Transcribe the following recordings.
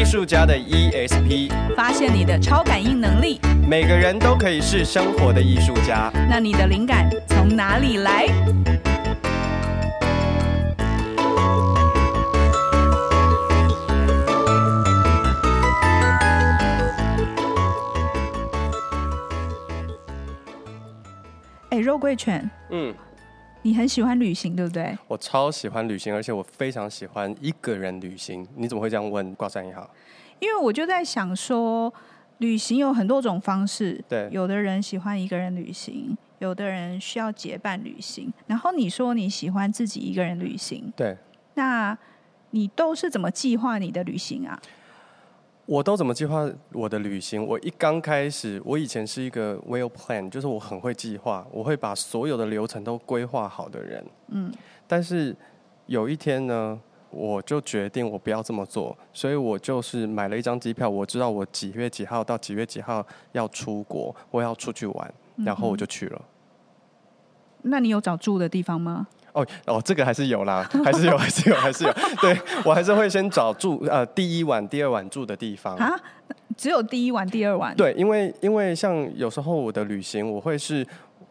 藝術家的 ESP，發現你的超感應能力。每個人都可以是生活的藝術家。那你的靈感從哪裡來？哎，肉桂犬。嗯。你很喜歡旅行，對不對？我超喜歡旅行，而且我非常喜歡一個人旅行。你怎麼會這樣問掛山一號？因為我就在想說，說旅行有很多種方式，對，有的人喜歡一個人旅行，有的人需要結伴旅行。然後你說你喜歡自己一個人旅行，對，那你都是怎麼計劃你的旅行啊？我都怎麼計劃我的旅行？我一剛開始，我以前是一個 well plan，就是我很會計劃，我會把所有的流程都規劃好的人。嗯，但是有一天呢，我就決定我不要這麼做，所以我就是買了一張機票，我知道我幾月幾號到幾月幾號要出國，我要出去玩，然後我就去了。嗯、那你有找住的地方嗎？哦哦，這個還是有啦，還是有， 還是有，還是有，還是有。對，我還是會先找住，呃，第一晚、第二晚住的地方。啊？只有第一晚、第二晚？對，因為因為像有時候我的旅行，我會是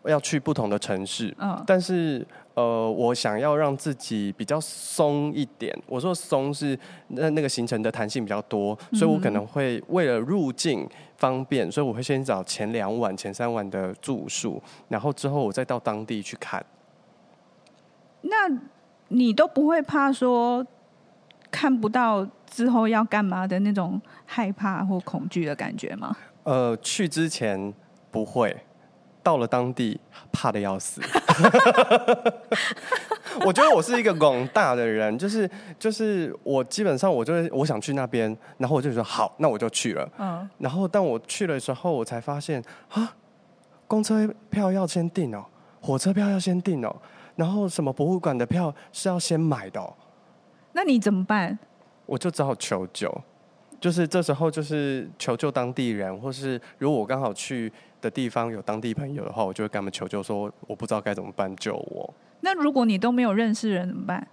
要去不同的城市，啊、哦，但是呃，我想要讓自己比較鬆一點。我說鬆是那那個行程的彈性比較多，所以我可能會為了入境方便，嗯、所以我會先找前兩晚、前三晚的住宿，然後之後我再到當地去看。那你都不會怕說看不到之後要幹嘛的那種害怕或恐懼的感覺嗎？呃，去之前不會，到了當地怕得要死。 我覺得我是一個廣大的人，就是就是我基本上我就是我想去那邊，然後我就說好，那我就去了。嗯，然後但我去了之後，我才發現啊，公車票要先訂哦，火車票要先訂哦。然後什麼博物館的票是要先買的哦，那你怎麼辦？我就只好求救，就是這時候就是求救當地人，或是如果我剛好去的地方有當地朋友的話，我就會跟他們求救，說我不知道該怎麼辦救我。那如果你都沒有認識人怎麼辦？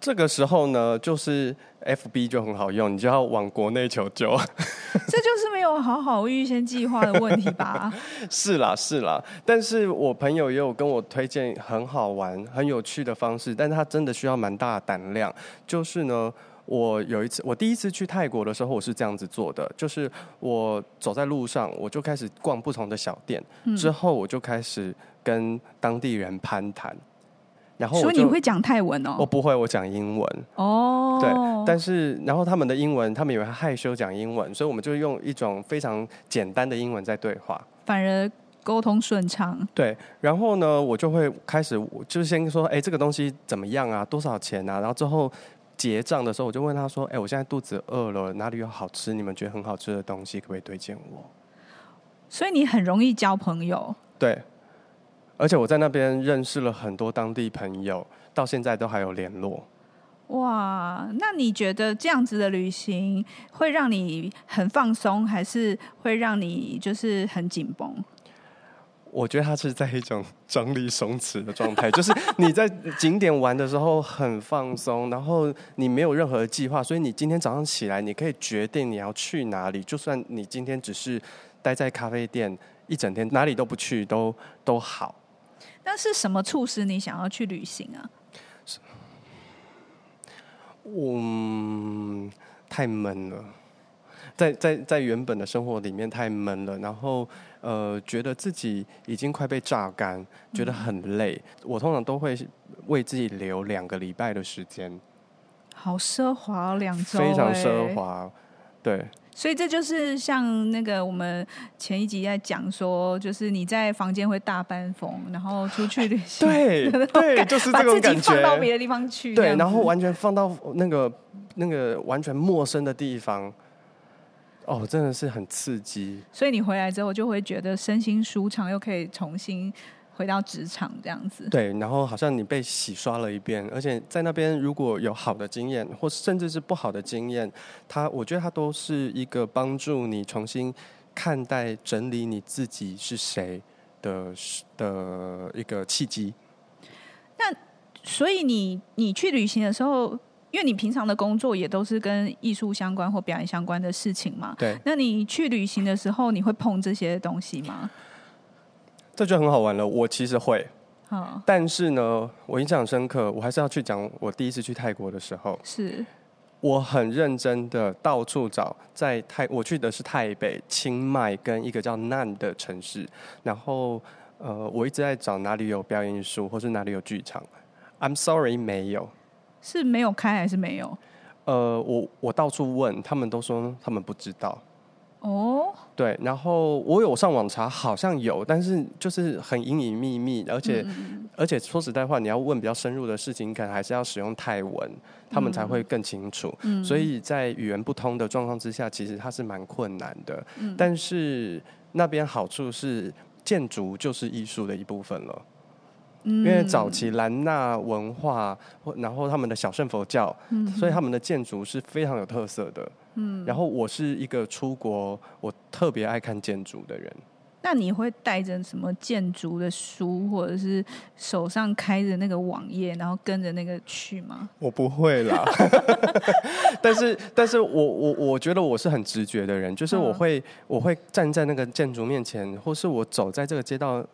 這個時候呢，就是 FB 就很好用，你就要往國內求救。這就是沒有好好預先計劃的問題吧？ 是啦，是啦。但是我朋友也有跟我推薦很好玩、很有趣的方式，但是他真的需要蠻大的膽量。就是呢，我有一次，我第一次去泰國的時候，我是這樣子做的，就是我走在路上，我就開始逛不同的小店，之後我就開始跟當地人攀談。嗯然後所以你會講泰文哦？我、哦、不會，我講英文。哦，對，但是然後他們的英文，他們以為他害羞講英文，所以我們就用一種非常簡單的英文在對話，反而溝通順暢。對，然後呢，我就會開始，就是先說，哎，這個東西怎麼樣啊？多少錢啊？然後最後結賬的時候，我就問他說，哎，我現在肚子餓了，哪裡有好吃？你們覺得很好吃的東西，可不可以推薦我？所以你很容易交朋友。對。而且我在那邊認識了很多當地朋友，到現在都還有聯絡。哇，那你覺得這樣子的旅行會讓你很放鬆，還是會讓你就是很緊繃？我覺得它是在一種張力鬆弛的狀態，就是你在景點玩的時候很放鬆， 然後你沒有任何計劃，所以你今天早上起來你可以決定你要去哪裡，就算你今天只是待在咖啡店一整天，哪裡都不去都都好。那是什麼促使你想要去旅行啊？我嗯，太悶了，在在在原本的生活裡面太悶了，然後呃，覺得自己已經快被榨乾，覺得很累，嗯。我通常都會為自己留兩個禮拜的時間，好奢華，兩周，非常奢華，對。所以這就是像那個我們前一集在講說，就是你在房間會大半瘋，然後出去旅行，對對，然後把自己放到別的地方去，對，就是這種感覺。對，然後完全放到那個那個完全陌生的地方，哦，真的是很刺激。所以你回來之後就會覺得身心舒暢，又可以重新。回到職場這樣子，對，然後好像你被洗刷了一遍，而且在那邊如果有好的經驗，或甚至是不好的經驗，它我覺得它都是一個幫助你重新看待、整理你自己是誰的的一個契機。那所以你你去旅行的時候，因為你平常的工作也都是跟藝術相關或表演相關的事情嘛，對，那你去旅行的時候，你會碰這些東西嗎？這就很好玩了，我其實會、嗯，但是呢，我印象深刻，我還是要去講我第一次去泰國的時候。是，我很認真的到處找，在泰我去的是泰北、清邁跟一個叫南的城市，然後呃，我一直在找哪裡有表演藝術，或是哪裡有劇場。I'm sorry，沒有，是沒有開還是沒有？呃，我我到處問，他們都說他們不知道。哦、oh?，對，然後我有上網查，好像有，但是就是很隱隱秘秘，而且、嗯、而且說實在話，你要問比較深入的事情，可能還是要使用泰文，他們才會更清楚。嗯、所以在語言不通的狀況之下，其實它是蠻困難的。嗯、但是那邊好處是建築就是藝術的一部分了，嗯、因為早期蘭納文化或然後他們的小乘佛教、嗯，所以他們的建築是非常有特色的。嗯，然後我是一個出國，我特別愛看建築的人。那你會帶着什麼建築的書，或者是手上開着那個網頁，然後跟着那個去嗎？我不會啦。 但是，但是我我我覺得我是很直覺的人，就是我會、嗯、我會站在那個建築面前，或是我走在這個街道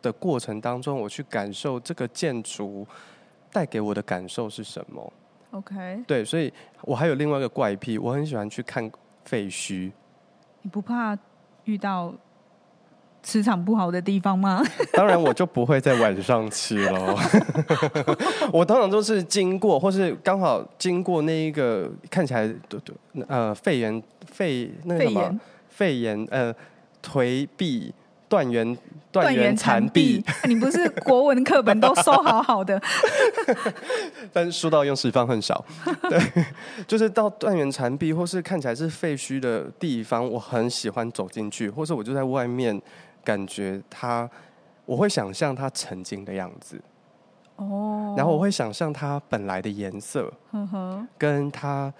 的過程當中，我去感受這個建築帶給我的感受是什麼。OK，對，所以我還有另外一個怪癖，我很喜歡去看廢墟。你不怕遇到磁場不好的地方嗎？ 當然，我就不會在晚上吃了。 我通常都是經過，或是剛好經過那一個看起來呃肺炎，肺那個什麼肺炎，肺炎呃頹壁。斷垣斷垣殘壁，啊，你不是國文課本都收好好的？ 但是書到用時方恨少， 對，就是到斷垣殘壁或是看起來是廢墟的地方，我很喜歡走進去，或是我就在外面，感覺它，我會想象它曾經的樣子。哦，然後我會想象它本來的顏色，呵呵，跟它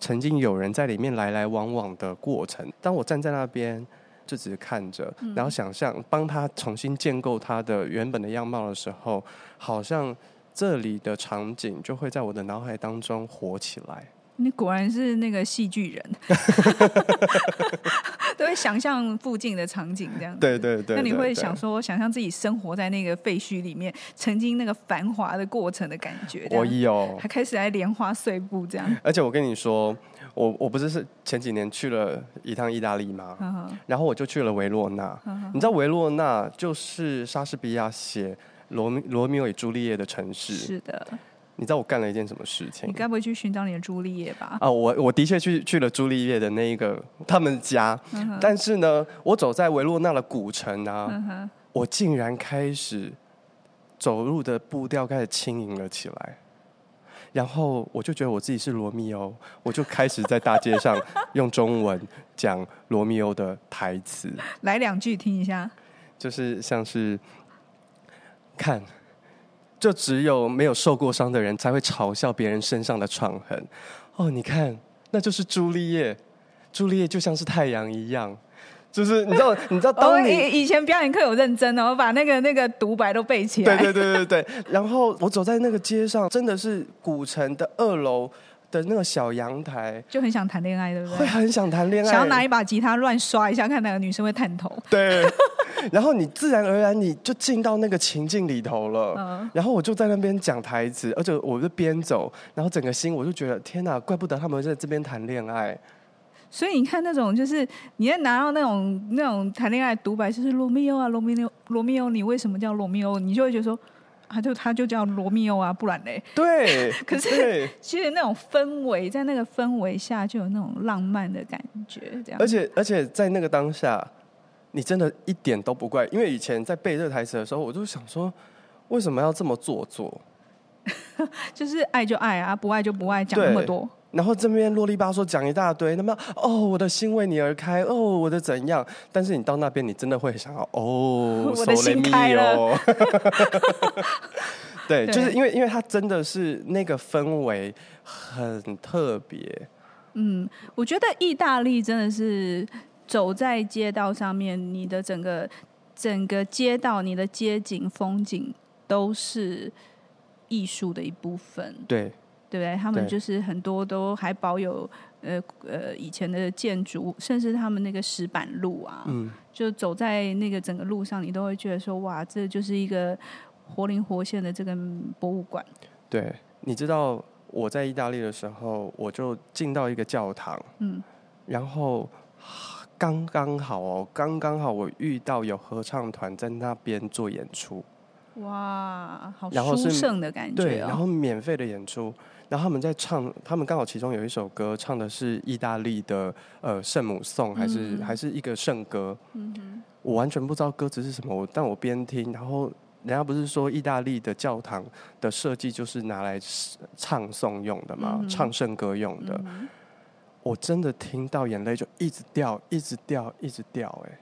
曾經有人在裡面來來往往的過程。當我站在那邊。就自己看着，然後想象幫他重新建構他的原本的樣貌的時候，好像這裡的場景就會在我的腦海當中活起來。你果然是那個戲劇人，都會想象附近的場景這樣。對對對，對。那你會想說，想象自己生活在那個廢墟裡面，曾經那個繁華的過程的感覺。哦耶哦！還開始來蓮花碎步這樣 tot tot。而且我跟你說。tot him tot him 我我不是是前幾年去了一趟意大利嘛，嗯嗯，然後我就去了維羅納，嗯嗯嗯嗯嗯。你知道維羅納就是莎士比亞寫羅羅密歐與朱麗葉的城市。是的。你知道我幹了一件什麼事情？你該不會去尋找你的朱麗葉吧？啊，我我的確去去了朱麗葉的那一個他們家，嗯嗯嗯，但是呢，我走在維羅納的古城啊，嗯嗯嗯嗯，我竟然開始走路的步調開始輕盈了起來。然後我就覺得我自己是羅密歐，我就開始在大街上用中文講羅密歐的台詞，來兩句聽一下，就是像是看，就只有沒有受過傷的人才會嘲笑別人身上的創痕。哦，你看，那就是朱麗葉，朱麗葉就像是太陽一樣。就是你知道，你知道，我以以前表演課有認真哦，我把那個那個獨白都背起來。對對對對對。然後我走在那個街上，真的是古城的二樓的那個小陽台，就很想談戀愛，對不對？會很想談戀愛，想要拿一把吉他亂刷一下，看哪個女生會探頭。對。然後你自然而然你就進到那個情境裡頭了。嗯。然後我就在那邊講台詞，而且我就邊走，然後整個心我就覺得，天哪，怪不得他們在這邊談戀愛。所以你看，那種就是你在拿到那種那種談戀愛獨白，就是羅密歐啊，羅密歐，羅密歐，你為什麼叫羅密歐？你就會覺得說，他、啊、就他就叫羅密歐啊，不然嘞？對。 可是，對，其實那種氛圍，在那個氛圍下，就有那種浪漫的感覺，這樣。而且而且在那個當下，你真的一點都不怪，因為以前在背這個台詞的時候，我就想說，為什麼要這麼做作？就是愛就愛啊，不愛就不愛，講那麼多。然後這邊囉里吧嗦講一大堆，那麼哦，我的心為你而開，哦，我的怎樣？但是你到那邊，你真的會想要哦，我的心開了。 對，就是因為因為它真的是那個氛圍很特別。嗯，我覺得意大利，真的是走在街道上面，你的整個整個街道，你的街景風景都是。藝術的一部分，對，對不對？他們就是很多都還保有呃呃以前的建築，甚至他們那個石板路啊，嗯，就走在那個整個路上，你都會覺得說哇，這就是一個活靈活現的這個博物館。對，你知道我在意大利的時候，我就進到一個教堂，嗯，然後剛剛好哦，剛剛好我遇到有合唱團在那邊做演出。哇，好殊勝的感覺、哦！對，然後免費的演出，然後他們在唱，他們剛好其中有一首歌唱的是意大利的呃聖母頌，還是、嗯、還是一個聖歌、嗯。我完全不知道歌詞是什麼，我但我邊聽，然後人家不是說意大利的教堂的設計就是拿來唱誦用的嘛、嗯，唱聖歌用的、嗯。我真的聽到眼淚就一直掉，一直掉，一直掉、欸，哎。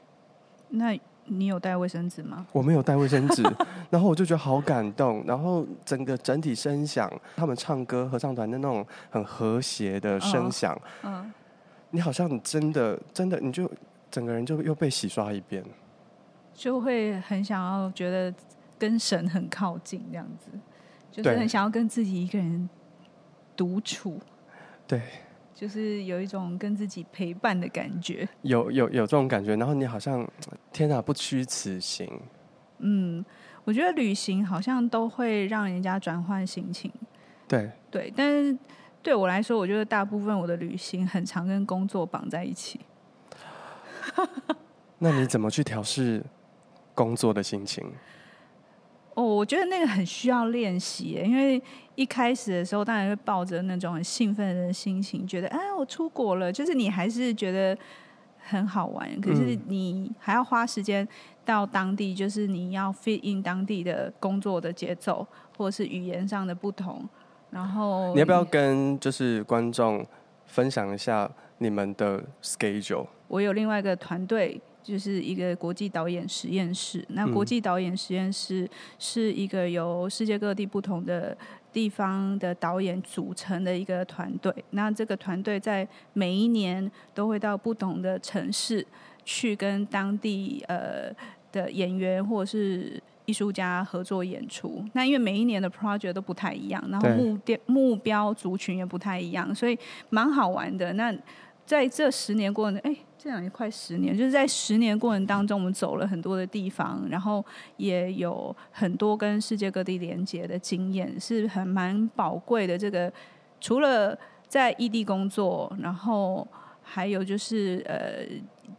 那。你有帶衛生紙嗎？我沒有帶衛生紙， 然後我就覺得好感動，然後整個整體聲響，他們唱歌合唱團的那種很和諧的聲響，嗯，oh, oh，你好像真的真的你就整個人就又被洗刷一遍，就會很想要覺得跟神很靠近這樣子，就是很想要跟自己一個人獨處，對。就是有一種跟自己陪伴的感覺，有有有這種感覺，然後你好像，天哪，不虛此行。嗯，我覺得旅行好像都會讓人家轉換心情。對對，但是對我來說，我覺得大部分我的旅行很常跟工作綁在一起。 那你怎麼去調適工作的心情？哦，我覺得那個很需要練習，因為一開始的時候當然會抱着那種很興奮的心情，覺得哎，我出國了，就是你還是覺得很好玩，可是你還要花時間到當地，就是你要 fit in 當地的工作的節奏，或是語言上的不同，然後你要不要跟就是觀眾分享一下你們的 schedule？我有另外一個團隊。就是一個國際導演實驗室。那國際導演實驗室是一個由世界各地不同的地方的導演組成的一個團隊。那這個團隊在每一年都會到不同的城市去跟當地呃的演員或者是藝術家合作演出。那因為每一年的 project 都不太一樣，然後目目標族群也不太一樣，所以蠻好玩的。那在這十年過呢，哎。這兩年，快十年，就是在十年過程當中，我們走了很多的地方，然後也有很多跟世界各地連接的經驗，是很蠻寶貴的。這個除了在異地工作，然後還有就是呃，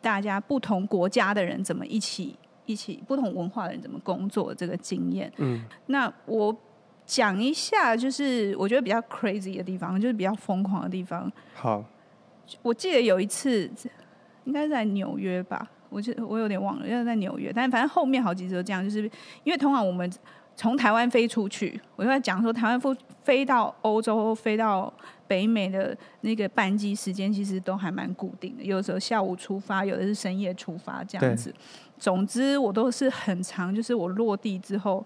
大家不同國家的人怎麼一起一起不同文化的人怎麼工作，這個經驗。嗯，那我講一下，就是我覺得比較 crazy 的地方，就是比較瘋狂的地方。好，我記得有一次，應該是在紐約吧，我我有點忘了，應該在紐約。但反正後面好幾次都這樣，就是因為通常我們從台灣飛出去，我就在講說台灣飛到歐洲、飛到北美的那個班機時間其實都還蠻固定的，有時候下午出發，有的是深夜出發這樣子。總之我都是很長，就是我落地之後，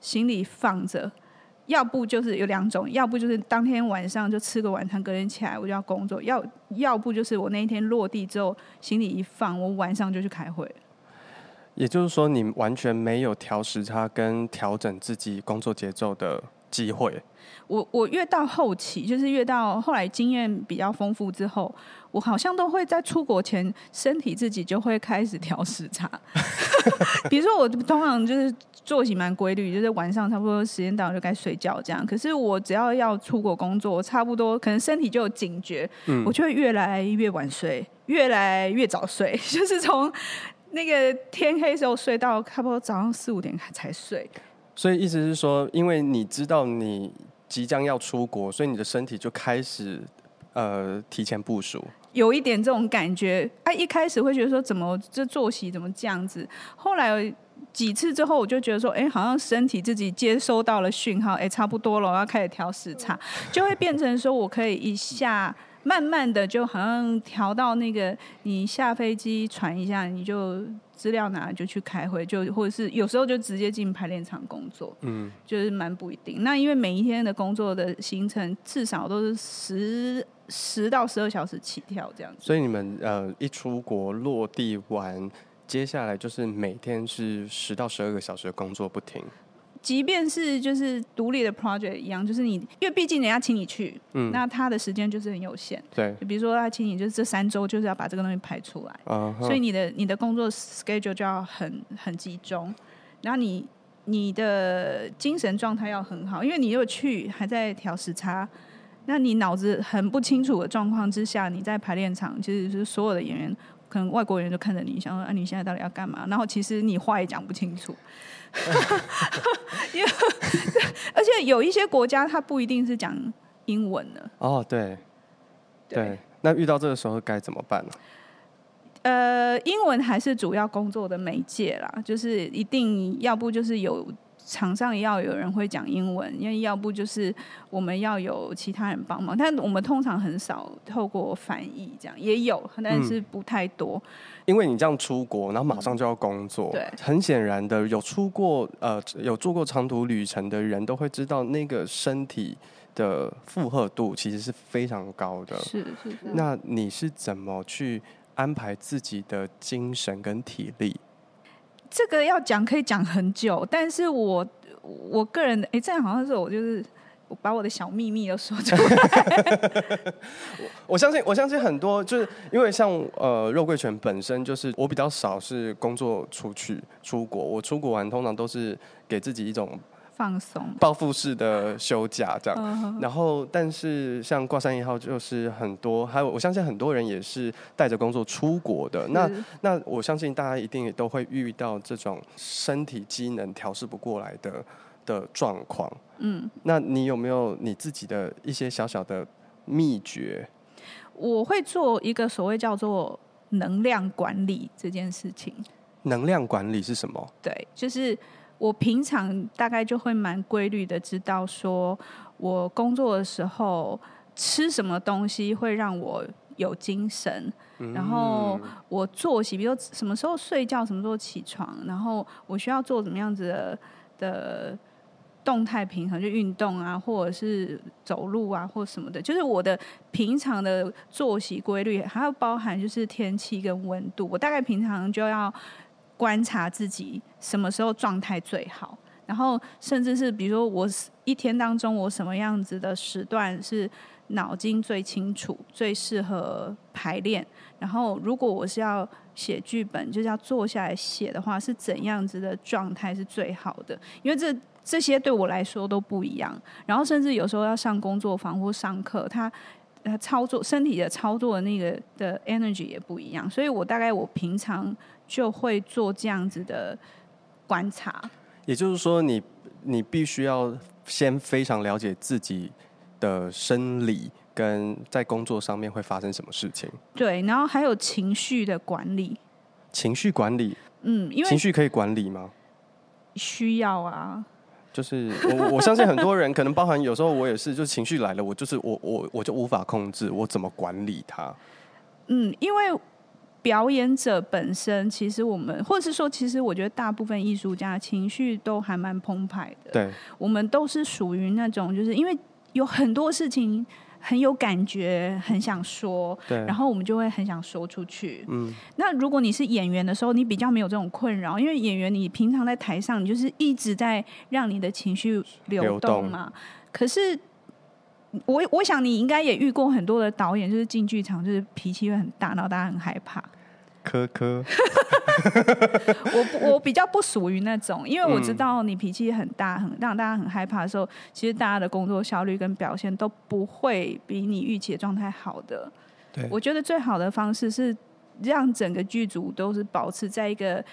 行李放着。要不就是有兩種，要不就是當天晚上就吃個晚餐，隔天起來我就要工作。要要不就是我那一天落地之後，行李一放，我晚上就去開會。也就是說，你完全沒有調時差跟調整自己工作節奏的機會。我我越到後期，就是越到後來經驗比較豐富之後。我好像都會在出國前，身體自己就會開始調時差。 比如說，我通常就是作息蠻規律，就是晚上差不多時間到就該睡覺這樣。可是我只要要出國工作，我差不多可能身體就有警覺，嗯、我就會越來越晚睡，越來越早睡，就是從那個天黑時候睡到差不多早上四五點才睡。所以意思是說，因為你知道你即將要出國，所以你的身體就開始。呃，提前部署，有一點這種感覺。哎、啊，一開始會覺得說，怎麼這作息怎麼這樣子？後來幾次之後，我就覺得說，哎、欸，好像身體自己接收到了訊號，哎、欸，差不多了，我要開始調時差，就會變成說我可以一下 慢慢的，就好像調到那個，你下飛機喘一下，你就。資料拿來就去開會，就或者是有時候就直接進排練場工作，嗯，就是蠻不一定。那因為每一天的工作的行程至少都是十十到十二小時起跳這樣子。所以你們呃一出國落地完，接下來就是每天是十到十二個小時的工作不停。即便是就是獨立的 project 一樣，就是你，因為畢竟人家請你去，嗯，那他的時間就是很有限，對。就比如說他請你，就是這三周，就是要把這個東西排出來啊、uh-huh，所以你的你的工作 schedule 就要很很集中，然後你你的精神狀態要很好，因為你又去還在調時差，那你腦子很不清楚的狀況之下，你在排練場，就是所有的演員可能外國人就看着你想說啊，你現在到底要幹嘛？然後其實你話也講不清楚。因為，而且有一些國家，它不一定是講英文的哦、oh。對，對，那遇到這個時候該怎麼辦呢、啊？呃，英文還是主要工作的媒介啦，就是一定要不就是有。場上要有人會講英文，因為要不就是我們要有其他人幫忙，但我們通常很少透過翻譯這樣，也有，但是不太多。嗯，因為你這樣出國，然後馬上就要工作，嗯，對，很顯然的，有出過呃有做過長途旅程的人都會知道，那個身體的負荷度其實是非常高的，是是是。那你是怎麼去安排自己的精神跟體力？這個要講可以講很久，但是我我個人，哎、欸，這樣好像是，我就是我把我的小秘密都說出來 我。我相信，我相信很多就是因為像呃肉桂犬本身就是我比較少是工作出去出國，我出國玩通常都是給自己一種。放鬆、報復式的休假這樣，然後但是像掛山一號就是很多，還有我相信很多人也是帶着工作出國的。那那我相信大家一定也都會遇到這種身體機能調適不過來的的狀況。嗯，那你有沒有你自己的一些小小的秘訣？嗯、我會做一個所謂叫做能量管理這件事情。能量管理是什麼？對，就是。我平常大概就會蠻規律的，知道說我工作的時候吃什麼東西會讓我有精神，然後我作息，比如說什麼時候睡覺，什麼時候起床，然後我需要做怎麼樣子的動態平衡，就運動啊，或者是走路啊，或者什麼的，就是我的平常的作息規律，還要包含就是天氣跟溫度。我大概平常就要，觀察自己什麼時候狀態最好，然後甚至是比如說我一天當中我什麼樣子的時段是腦筋最清楚、最適合排練。然後如果我是要寫劇本，就是要坐下來寫的話，是怎樣子的狀態是最好的？因為這這些對我來說都不一樣。然後甚至有時候要上工作坊或上課，他它，它操作身體的操作的那個的 energy 也不一樣。所以我大概我平常。就會做這樣子的觀察，也就是說你，你你必須要先非常了解自己的生理跟在工作上面會發生什麼事情。對，然後還有情緒的管理，情緒管理，嗯，因為情緒可以管理嗎？需要啊，就是我我相信很多人， 可能包含有時候我也是，就是情緒來了，我就是我我我就無法控制，我怎麼管理它？嗯，因為。表演者本身，其實我們，或者是說，其實我覺得大部分藝術家情緒都還蠻澎湃的。對，我們都是屬於那種，就是因為有很多事情很有感覺，很想說，對，然後我們就會很想說出去。嗯，那如果你是演員的時候，你比較沒有這種困擾，因為演員你平常在台上，你就是一直在讓你的情緒流動嘛。動。可是。我我想你應該也遇過很多的導演，就是進劇場就是脾氣會很大，然後大家很害怕。科科， 我我比較不屬於那種，因為我知道你脾氣很大，很讓大家很害怕的時候，其實大家的工作效率跟表現都不會比你預期的狀態好的。對，我覺得最好的方式是讓整個劇組都是保持在一個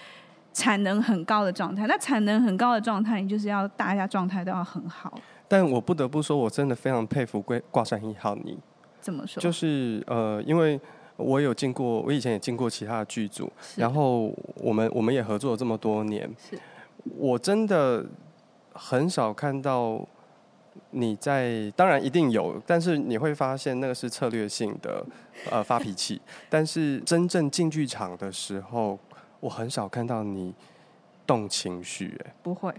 產能很高的狀態。那產能很高的狀態，你就是要大家狀態都要很好。但我不得不說，我真的非常佩服掛上一號你。怎麼說？就是呃，因為我有進過，我以前也進過其他的劇組，然後我們我們也合作了這麼多年，我真的很少看到你在。當然，一定有，但是你會發現那個是策略性的，呃，發脾氣。但是真正進劇場的時候，我很少看到你動情緒，欸，不會。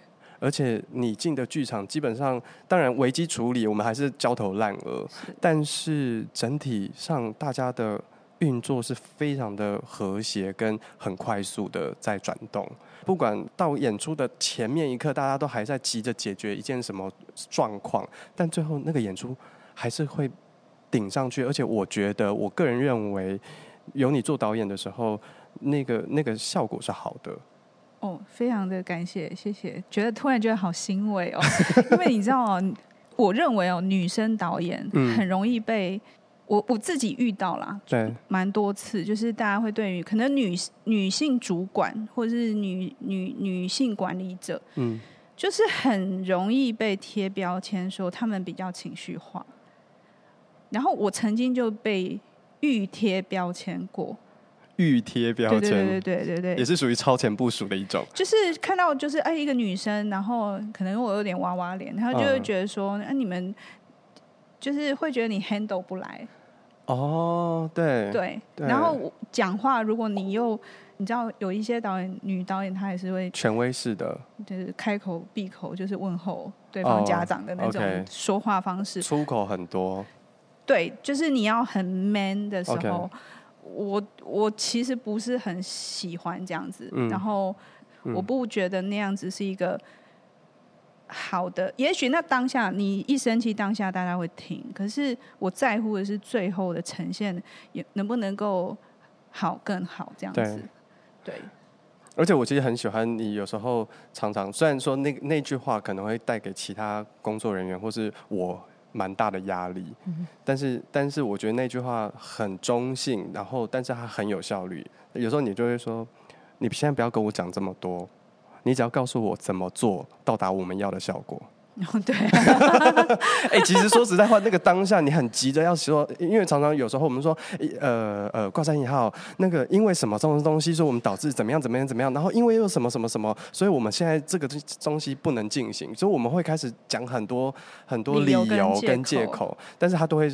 而且你進的劇場，基本上當然危機處理，我們還是焦頭爛額。但是整體上，大家的運作是非常的和諧，跟很快速的在轉動。不管到演出的前面一刻，大家都還在急着解決一件什麼狀況，但最後那個演出還是會頂上去。而且，我覺得，我個人認為，有你做導演的時候，那個那個效果是好的。哦，非常的感謝，謝謝，覺得突然覺得好欣慰哦，因為你知道哦， 我認為哦，女生導演很容易被我我自己遇到啦，對，蠻多次，就是大家會對於可能女女性主管或者是女女女性管理者，嗯，就是很容易被貼標籤說她們比較情緒化，然後我曾經就被預貼標籤過。預貼標籤，對對對，對，對，對，對，對，對也是屬於超前部署的一種。就是看到，就是哎、欸，一個女生，然後可能我有點娃娃臉，她就會覺得說、嗯啊，你們就是會覺得你 handle 不來。哦，對對，然後講話，如果你又你知道有一些導演，女導演她也是會權威式的，就是開口閉口就是問候對方、哦、家長的那種說話方式，出口很多。對，就是你要很 man 的時候。Okay. 我我其實不是很喜歡這樣子，嗯，然後我不覺得那樣子是一個好的。嗯，也許那當下你一生氣，當下大家會停。可是我在乎的是最後的呈現，也能不能夠好、更好這樣子，對。對，而且我其實很喜歡你，有時候常常雖然說那那句話可能會帶給其他工作人員或是我。蠻大的壓力，但是但是我覺得那句話很中性，然後但是它很有效率。有時候你就會說，你現在不要跟我講這麼多，你只要告訴我怎麼做到達我們要的效果。然 後對、啊。哎、 欸，其實說實在話， 那個當下你很急着要說，因為常常有時候我們說，呃呃，掛上引號，那個因為什麼這種東西，說我們導致怎麼樣怎麼樣怎麼樣，然後因為又什麼什麼什麼，所以我們現在這個東西不能進行，所以我們會開始講很多很多理由跟借口，口，但是他都會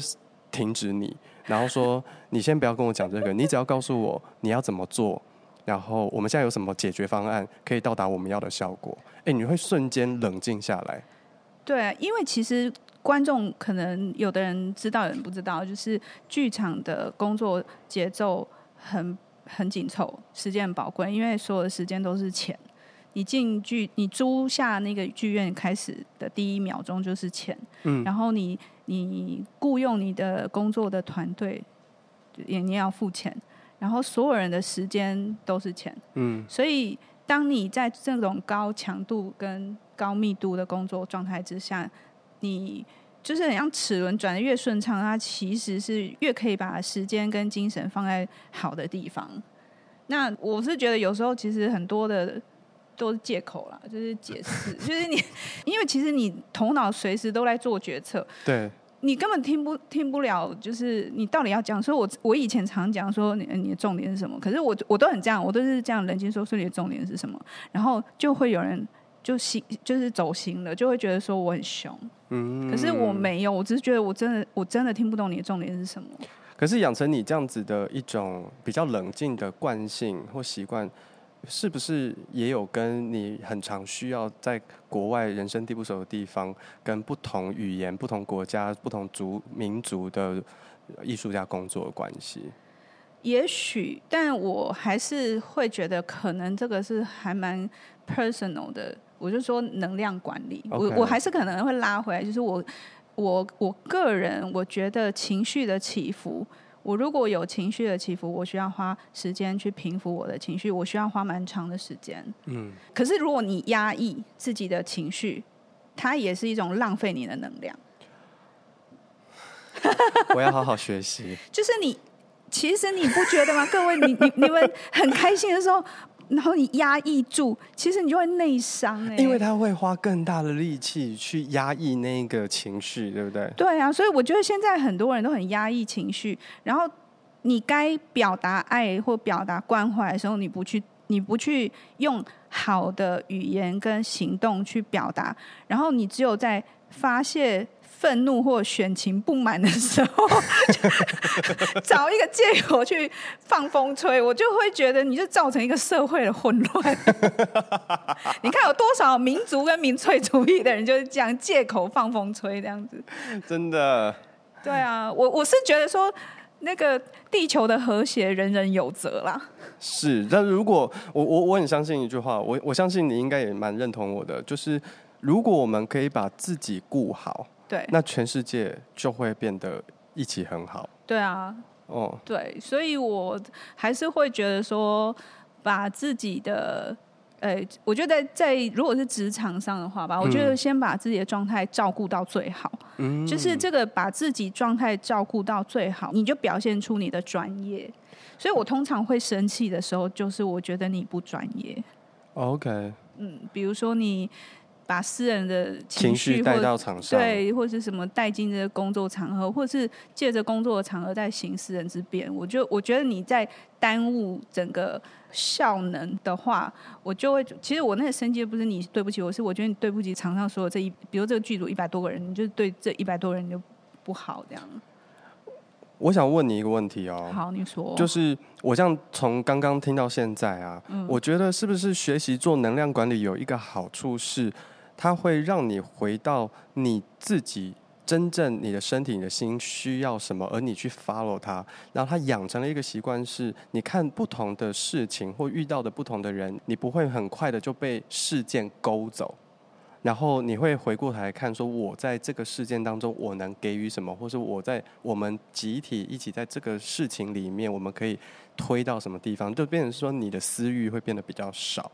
停止你，然後說你先不要跟我講這個，你只要告訴我你要怎麼做， 然後我們現在有什麼解決方案可以到達我們要的效果，哎、欸，你會瞬間冷靜下來。對啊，因為其實觀眾可能有的人知道，有人不知道。就是劇場的工作節奏很很緊湊，時間很寶貴，因為所有的時間都是錢。你進劇，你租下那個劇院開始的第一秒鐘就是錢。嗯。然後你你僱傭你的工作的團隊，也你要付錢。然後所有人的時間都是錢。嗯。所以當你在這種高強度跟高密度的工作狀態之下，你就是很像齒輪轉得越順暢，它其實是越可以把時間跟精神放在好的地方。那我是覺得有時候其實很多的都是借口啦，就是解釋， 就是你因為其實你頭腦隨時都在做決策，對你根本聽不聽不了，就是你到底要講。所以我我以前常講說你，你你的重點是什麼？可是我我都很這樣，我都是這樣，冷靜說出你的重點是什麼，然後就會有人。就行，就是走行了，就會覺得說我很凶。嗯哼，可是我沒有，我只是覺得我真的我真的聽不懂你的重點是什麼？可是養成你這樣子的一種比較冷靜的慣性或習慣，是不是也有跟你很常需要在國外人生地不熟的地方，跟不同語言、不同國家、不同族民族的藝術家工作的關係？也許，但我還是會覺得，可能這個是還蠻 personal 的。我就說能量管理，Okay. 我我還是可能會拉回來，就是我我我個人我覺得情緒的起伏，我如果有情緒的起伏，我需要花時間去平復我的情緒，我需要花蠻長的時間。嗯，可是如果你壓抑自己的情緒，它也是一種浪費你的能量。我要好好學習。 就是你，其實你不覺得嗎？ 各位，你你你們很開心的時候。然後你壓抑住，其實你就會內傷哎、欸。因為他會花更大的力氣去壓抑那個情緒，對不對？對啊，所以我覺得現在很多人都很壓抑情緒，然後你該表達愛或表達關懷的時候，你不去，你不去用好的語言跟行動去表達，然後你只有在發洩。憤怒或選情不滿的時候，找一個借口去放風吹，我就會覺得你就造成一個社會的混亂。你看有多少民族跟民粹主義的人就是這樣借口放風吹這樣子？真的？對啊，我我是覺得說，那個地球的和諧，人人有責啦。是，但如果我我我很相信一句話，我我相信你應該也蠻認同我的，就是如果我們可以把自己顧好。對，那全世界就會變得一起很好。對啊，哦、Oh，對，所以我還是會覺得說，把自己的，呃、欸，我覺得在如果是職場上的話吧，我覺得先把自己的狀態照顧到最好。嗯，就是這個把自己狀態照顧到最好，你就表現出你的專業。所以我通常會生氣的時候，就是我覺得你不專業。OK。嗯，比如說你。把私人的情緒，情緒帶到場上，對，或是什麼帶進這個工作場合，或者是借着工作的場合在行私人之便。我就我覺得你在耽誤整個效能的話，我就會。其實我那個升級不是你對不起，我是我覺得你對不起場上所有這一，比如說這個劇組一百多個人，你就對這一百多人就不好這樣。我想問你一個問題哦，好，你說，就是我像從剛剛聽到現在啊、嗯，我覺得是不是學習做能量管理有一個好處是它會讓你回到你自己真正你的身體、你的心需要什麼，而你去 follow 它。然後，它養成了一個習慣，是你看不同的事情或遇到的不同的人，你不會很快的就被事件勾走。然後，你會回過頭來看，說我在這個事件當中我能給予什麼，或是我在我們集體一起在這個事情裡面，我們可以推到什麼地方，就變成說你的私欲會變得比較少。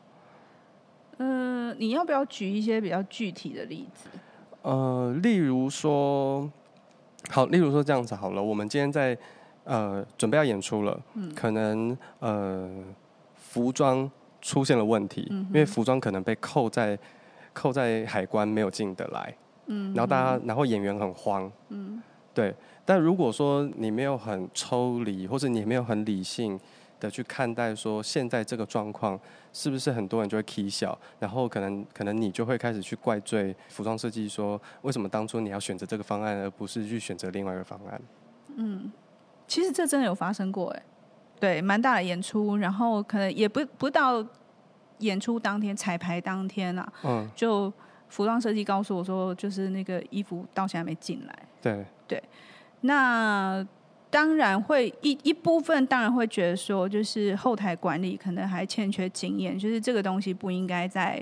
嗯，你要不要舉一些比較具體的例子？呃，例如說，好，例如說這樣子好了。我們今天在呃準備要演出了，嗯、可能呃服裝出現了問題，嗯、因為服裝可能被扣在扣在海關沒有進得來，嗯，然後大家，然後演員很慌，嗯，對。但如果說你沒有很抽離，或者你沒有很理性。的去看待，說現在這個狀況是不是很多人就會踢小，然後可能可能你就會開始去怪罪服裝設計，說為什麼當初你要選擇這個方案而不是去選擇另外一個方案？嗯，其實這真的有發生過哎，對，蠻大的演出，然後可能也不不到演出當天彩排當天啊，嗯，就服裝設計告訴我說，就是那個衣服到現在沒進來，對對，那。當然會一一部分當然會覺得說，就是後台管理可能還欠缺經驗，就是這個東西不應該在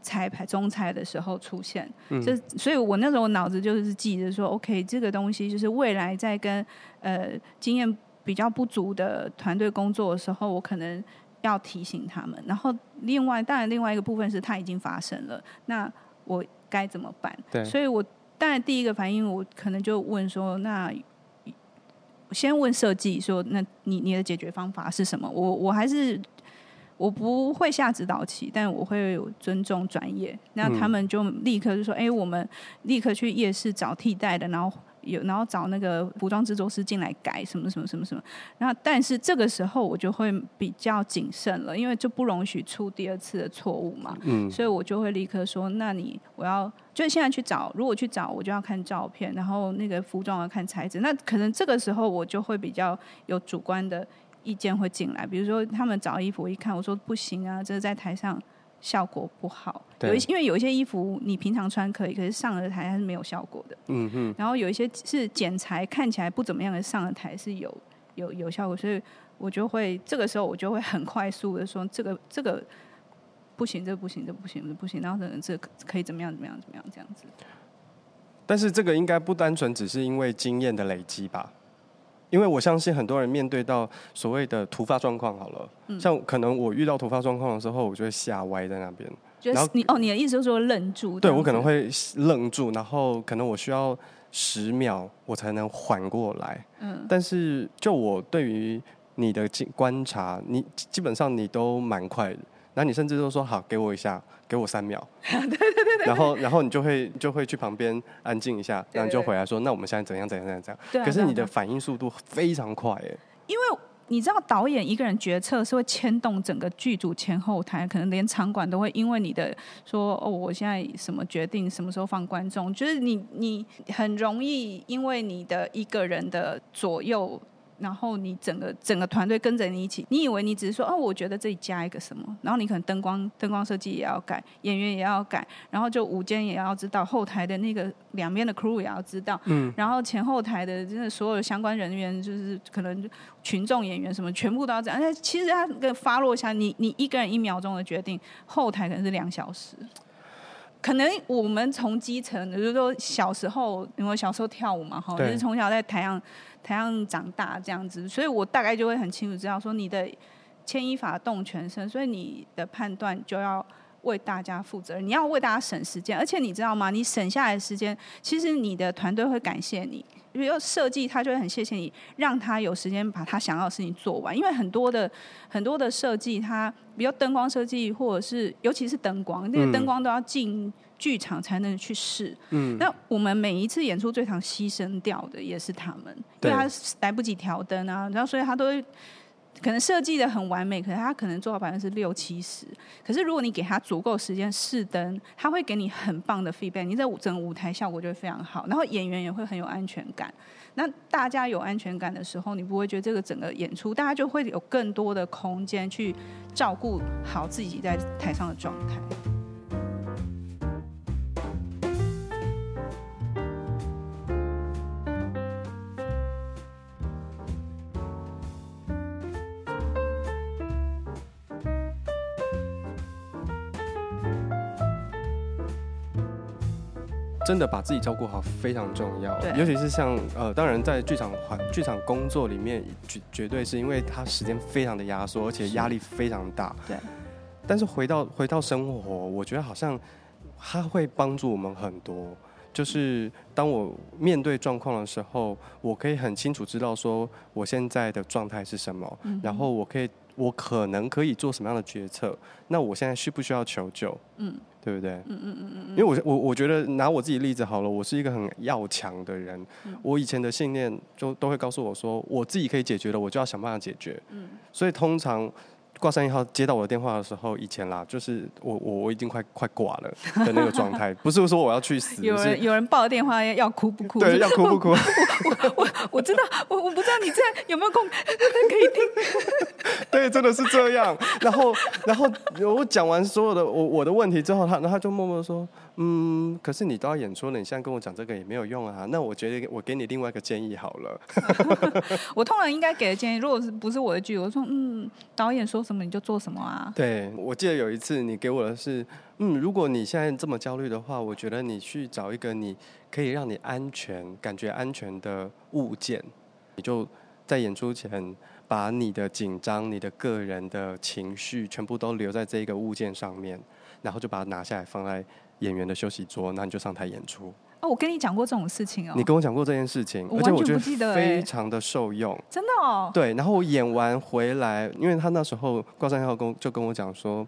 彩排、終彩的時候出現。這、嗯、所以我那時候腦子就是記着說，OK，這個東西就是未來在跟呃經驗比較不足的團隊工作的時候，我可能要提醒他們。然後另外，當然另外一個部分是它已經發生了，那我該怎麼辦？對，所以我當然第一個反應我可能就問說，那。先問設計說：“那你你的解決方法是什麼？”我我還是我不會下指導棋，但我會有尊重專業。那他們就立刻就說：“哎，我們立刻去夜市找替代的。”然後。有，然後找那個服裝制作師進來改什麼什麼什麼什麼，然後但是這個時候我就會比較謹慎了，因為就不容許出第二次的錯誤嘛，嗯，所以我就會立刻說，那你我要就現在去找，如果去找我就要看照片，然後那個服裝要看材質，那可能這個時候我就會比較有主觀的意見會進來，比如說他們找衣服，我一看我說不行啊，這是在台上。效果不好，對有一因為有一些衣服你平常穿可以，可是上了台它是沒有效果的。嗯嗯。然後有一些是剪裁看起來不怎麼樣的，的上了台是有有有效果，所以我就會這個時候我就會很快速的說這個這個不行，這個不行，這個不行，這個不行，然後可能這可以怎麼樣怎麼樣怎麼樣這樣子。但是這個應該不單純只是因為經驗的累積吧？因為我相信很多人面對到所謂的突發狀況，好了，嗯，像可能我遇到突發狀況的時候，我就會嚇歪在那邊，就是。然後你哦，你的意思就是說，愣住？對，我可能會愣住，然後可能我需要十秒我才能緩過來。嗯，但是就我對於你的觀察，你基本上你都蠻快的。然後你甚至都說好，給我一下，給我三秒 對對對對。對對對對。然後然後你就會就會去旁邊安靜一下，然後你就回來說，那我們現在怎樣怎樣怎樣怎樣。可是你的反應速度非常快耶。對對對對。因為你知道，導演一個人決策是會牽動整個劇組前後台，可能連場館都會因為你的說哦，我現在什麼決定，什麼時候放觀眾，就是你你很容易因為你的一個人的左右。然後你整個整個團隊跟着你一起，你以為你只是說哦，我覺得這裡加一個什麼，然後你可能燈光燈光設計也要改，演員也要改，然後就舞監也要知道，後台的那個兩邊的 crew 也要知道，嗯，然後前後台的真的所有的相關人員就是可能群眾演員什麼全部都要這樣，而且其實他的發落下，你你一個人一秒鐘的決定，後台可能是兩小時。可能我們從基層，比如說小時候，因為小時候跳舞嘛，哈，就是從小在台上台上長大這樣子，所以我大概就會很清楚知道說，你的牽一髮動全身，所以你的判斷就要為大家負責，你要為大家省時間，而且你知道嗎？你省下來的時間，其實你的團隊會感謝你。比如設計，他就會很謝謝你，讓他有時間把他想要的事情做完。因為很多的很多的設計，他比如燈光設計，或者是尤其是燈光，嗯，那個燈光都要進劇場才能去試。嗯，那我們每一次演出最常犧牲掉的也是他們，對，因為他是來不及調燈啊，然後所以他都會。可能設計得很完美，可是他可能做到百分之六七十。可是如果你給他足夠時間試燈，他會給你很棒的 feedback。你在整個舞台效果就會非常好，然後演員也會很有安全感。那大家有安全感的時候，你不會覺得這個整個演出，大家就會有更多的空間去照顧好自己在台上的狀態。真的把自己照顧好非常重要，啊、尤其是像呃，當然在劇場、劇場工作裡面，絕絕對是因為他時間非常的壓縮，而且壓力非常大。對。但是回到回到生活，我覺得好像它會幫助我們很多。就是當我面對狀況的時候，我可以很清楚知道說我現在的狀態是什麼，嗯、然後我可以。我可能可以做什麼樣的決策？那我現在需不需要求救？嗯，對不對？嗯嗯嗯嗯。因為我我我覺得拿我自己例子好了，我是一個很要強的人。嗯，我以前的信念就都會告訴我說，我自己可以解決的，我就要想辦法解決。嗯，所以通常。掛三一號接到我的電話的時候，以前啦，就是我我我已經快快掛了的那個狀態，不是說我要去死， 有人有人抱電話要哭不哭，對，要哭不哭，我我我，我知道， 我我不知道你這樣有沒有空 可以聽， 對，真的是這樣，然後然後我講完所有的我我的問題之後，他然後他就默默的說。嗯，可是你都要演出了，你現在跟我講這個也沒有用啊。那我覺得我給你另外一個建議好了 我通常應該給的建議，如果不是我的劇，我說嗯，導演說什麼你就做什麼啊。對，我記得有一次你給我的是，嗯，如果你現在這麼焦慮的話，我覺得你去找一個你可以讓你安全、感覺安全的物件，你就在演出前把你的緊張、你的個人的情緒全部都留在這個物件上面，然後就把它拿下來放在。演員的休息桌，那你就上台演出。啊、我跟你講過這種事情哦。你跟我講過這件事情，我完全不記得，而且我覺得非常的受用，真的哦。對，然後我演完回來，因為他那時候掛上吊鈎，號就跟我講說，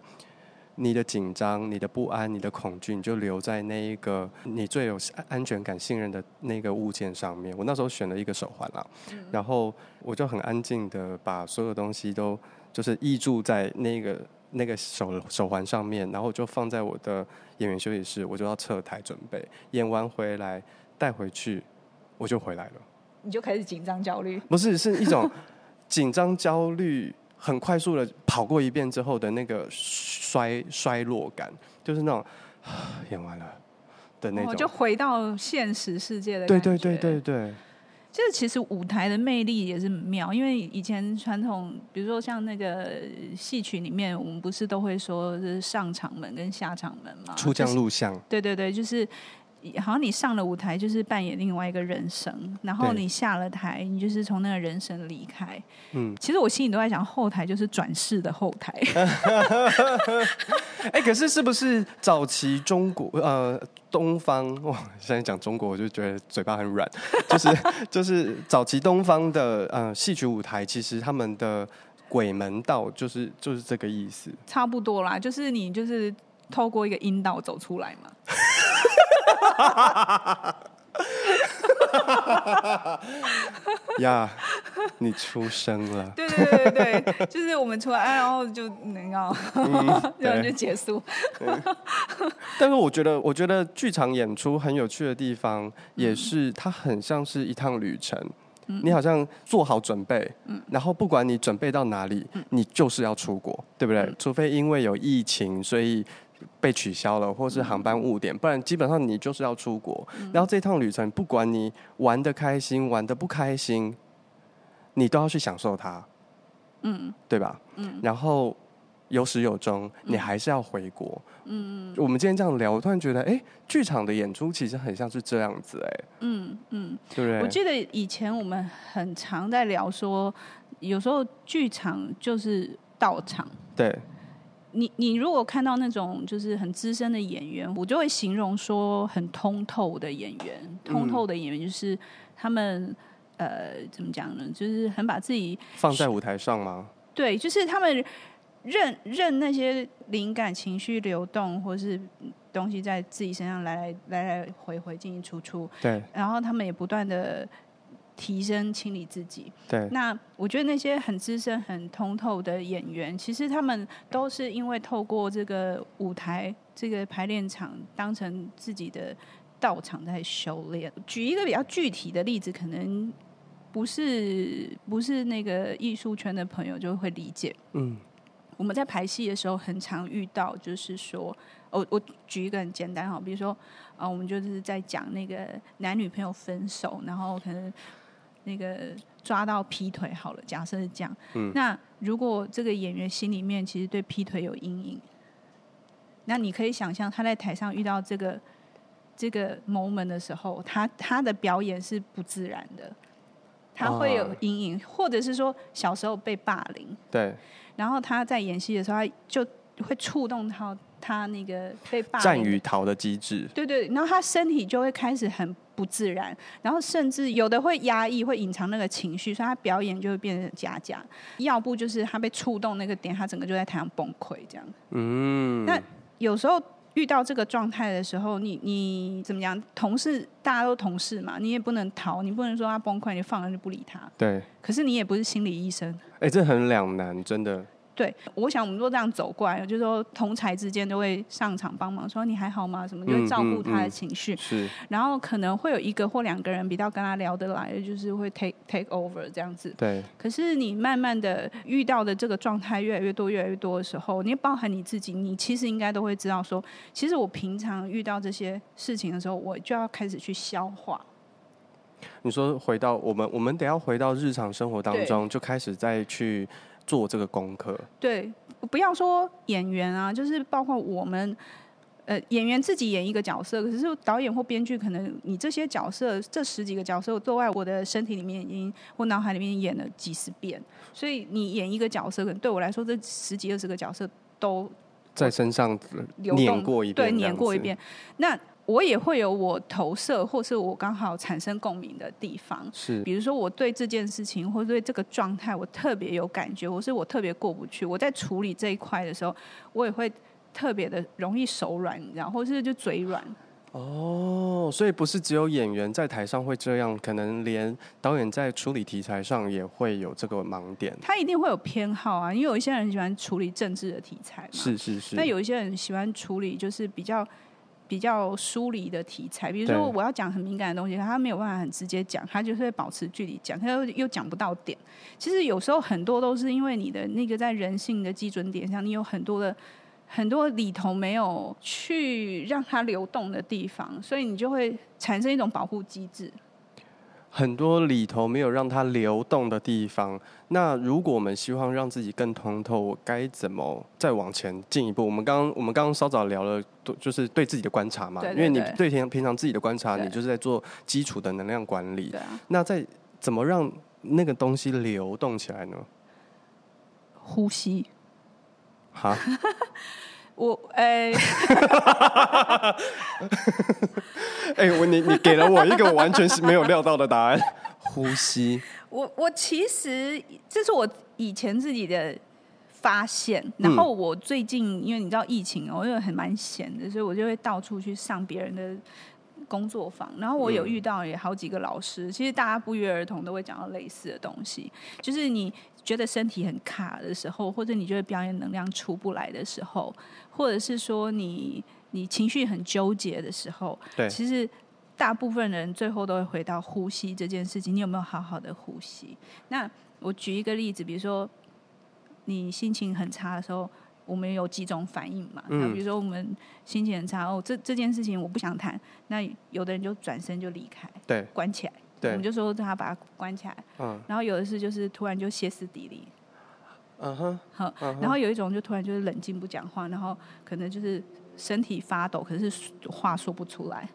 你的緊張、你的不安、你的恐懼，你就留在那一個你最有安全感、信任的那個物件上面。我那時候選了一個手環啦、嗯，然後我就很安靜的把所有的東西都就是依住在那一個。那個手手環上面，然後就放在我的演員休息室，我就要撤台準備演完回來帶回去，我就回來了。你就開始緊張焦慮？不是，是一種緊張焦慮， 很快速的跑過一遍之後的那個衰衰落感，就是那種唉，演完了的那種，就回到現實世界的感覺。對對對對對。這其,其實舞台的魅力也是妙。因為以前傳統，比如說像那個戲曲裡面，我們不是都會說是上場門跟下場門嘛，出將入相，就是。對對對，就是。好像你上了舞台就是扮演另外一個人生，然後你下了台，你就是從那個人生離開。嗯，其實我心裡都在想，後台就是轉世的後台。哎、 欸，可是是不是早期中國呃東方哇？現在講中國，我就覺得嘴巴很軟。就是就是早期東方的呃戲曲舞台，其實他們的鬼門道就是就是這個意思，差不多啦，就是你就是透過一個陰道走出來嘛。哈，哈哈哈哈哈，哈哈哈哈哈呀，你出生了，對對對對 就是我們出來，然後就能要，嗯、 然後就結束。 但是我覺得，我覺得劇場演出很有趣的地方，也是它很像是一趟旅程。嗯、你好像做好準備、嗯，然後不管你準備到哪裡，嗯、你就是要出國，對不對？嗯、除非因為有疫情，所以。被取消了，或是航班誤點、嗯，不然基本上你就是要出國。嗯、然後這趟旅程，不管你玩得開心，玩得不開心，你都要去享受它。嗯，對吧？嗯。然後有始有終、嗯，你還是要回國。嗯嗯。我們今天這樣聊，我突然覺得，哎、欸，劇場的演出其實很像是這樣子、欸，哎。嗯嗯。對不對？我記得以前我們很常在聊說，有時候劇場就是道場。對。你你如果看到那種就是很資深的演員，我就會形容說很通透的演員。通透的演員就是他們呃怎麼講呢？就是很把自己放在舞台上嗎？對，就是他們任任那些靈感、情緒流動，或是東西在自己身上來來來來回回進進出出。對，然後他們也不斷的。提升、清理自己。對。那我覺得那些很資深、很通透的演員，其實他們都是因為透過這個舞台、這個排練場，當成自己的道場在修煉。舉一個比較具體的例子，可能不是不是那個藝術圈的朋友就會理解。嗯。我們在排戲的時候，很常遇到，就是說，我我舉一個很簡單哈，比如說啊，我們就是在講那個男女朋友分手，然後可能。那個抓到劈腿好了，假設是這樣。嗯，那如果這個演員心裡面其實對劈腿有陰影，那你可以想象他在台上遇到這個這個 moment 的時候，他他的表演是不自然的，他會有陰影，啊，或者是說小時候被霸凌，對，然後他在演戲的時候，他就會觸動到他那個被霸凌戰與逃的機制，對，對對，然後他身體就會開始很。不自然，然後甚至有的會壓抑，會隱藏那個情緒，所以他表演就會變成假假。要不就是他被觸動那個點，他整個就在台上崩潰這樣。嗯，那有時候遇到這個狀態的時候，你你怎麼樣？同事大家都同事嘛，你也不能逃，你不能說他崩潰你就放任就不理他。對，可是你也不是心理醫生。哎、欸，這很兩難，真的。對，我想我們若這樣走過來，就是說同儕之間都會上場幫忙，說你還好嗎？什麼就照顧他的情緒、嗯嗯嗯。是，然後可能會有一個或兩個人比較跟他聊得來，就是會 take take over 這樣子。對。可是你慢慢的遇到的這個狀態越來越多、越來越多的時候，你包含你自己，你其實應該都會知道說，說其實我平常遇到這些事情的時候，我就要開始去消化。你說回到我們，我們得要回到日常生活當中，就開始再去。做這個功課，對，不要說演員啊，就是包括我們，呃，演員自己演一個角色，可是導演或編劇可能，你這些角色，這十幾個角色，我做在我的身體裡面，已經我腦海裡面演了幾十遍，所以你演一個角色，可能對我來說，這十幾二十個角色都，在身上念過一遍，對，演過一遍，那。我也會有我投射，或是我剛好產生共鳴的地方。是，比如說我對這件事情，或者對這個狀態，我特別有感覺，或是我特別過不去。我在處理這一塊的時候，我也會特別的容易手軟，然後是就嘴軟。哦，所以不是只有演員在台上會這樣，可能連導演在處理題材上也會有這個盲點。他一定會有偏好啊，因為有一些人喜歡處理政治的題材嘛，是是是。那有一些人喜歡處理就是比較。比較疏離的題材，比如說我要講很敏感的東西，他沒有辦法很直接講，他就是會保持距離講，他又又講不到點。其實有時候很多都是因為你的那個在人性的基準點上，你有很多的很多裡頭沒有去讓它流動的地方，所以你就會產生一種保護機制。很多裡頭沒有讓它流動的地方。那如果我們希望讓自己更通透，該怎麼再往前進一步？我們剛我們剛稍早聊了，就是對自己的觀察嘛。對對對，因為你對平平常自己的觀察，對對對，你就是在做基礎的能量管理。那再怎麼讓那個東西流動起來呢？呼吸。哈。 我哎，哎、欸，我、 欸、你你給了我一個我完全是沒有料到的答案， 呼吸。我我其實這是我以前自己的發現，然後我最近、嗯、因為你知道疫情我就很蠻閒的，所以我就會到處去上別人的。工作坊，然後我有遇到也好幾個老師，嗯，其實大家不約而同都會講到類似的東西，就是你覺得身體很卡的時候，或者你覺得表演能量出不來的時候，或者是說你你情緒很糾結的時候，對，其實大部分人最後都會回到呼吸這件事情。你有沒有好好的呼吸？那我舉一個例子，比如說你心情很差的時候。我們有幾種反應嘛？比如說我們心情很差，哦，這這件事情我不想談。那有的人就轉身就離開，對，關起來。對，我們就說讓他把他關起來。嗯。然後有的是就是突然就歇斯底里。嗯哼。好、嗯。然後有一種就突然就是冷靜不講話，然後可能就是身體發抖，可是話說不出來。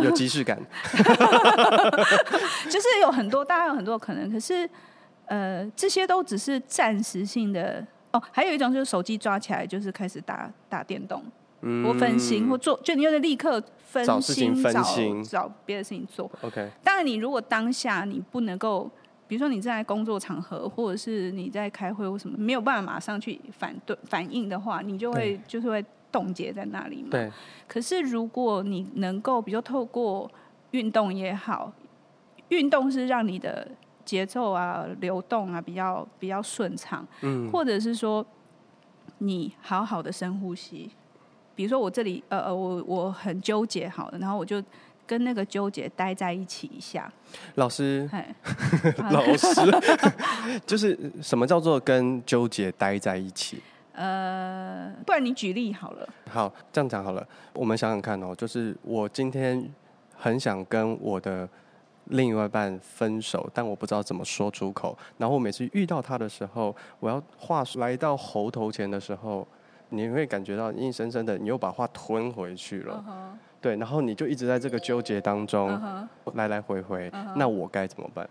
有即視感。 就是有很多，當然有很多可能，可是呃，這些都只是暫時性的。哦，還有一種就是手機抓起來，就是開始打打電動，嗯，或分心或做，就你又得立刻分心，找分心找別的事情做。OK。但，你如果當下你不能夠，比如說你正在工作場合，或者是你在開會或什麼，沒有辦法馬上去反對反應的話，你就會就是會凍結在那裡嘛。對。可是如果你能夠，比如說透過運動也好，運動是讓你的。節奏啊，流動啊，比較比較順暢。嗯，或者是說，你好好的深呼吸。比如說，我這裡呃呃，我我很糾結，好了，然後我就跟那個糾結待在一起一下。老師，老師， 就是什麼叫做跟糾結待在一起？呃，不然你舉例好了。好，這樣講好了，我們想想看哦，就是我今天很想跟我的。另外一半分手，但我不知道怎麼說出口。然後我每次遇到他的時候，我要話來到喉頭前的時候，你會感覺到硬生生的，你又把話吞回去了。Uh-huh. 對，然後你就一直在這個糾結當中，uh-huh. 來來回回。Uh-huh. 那我該怎麼辦？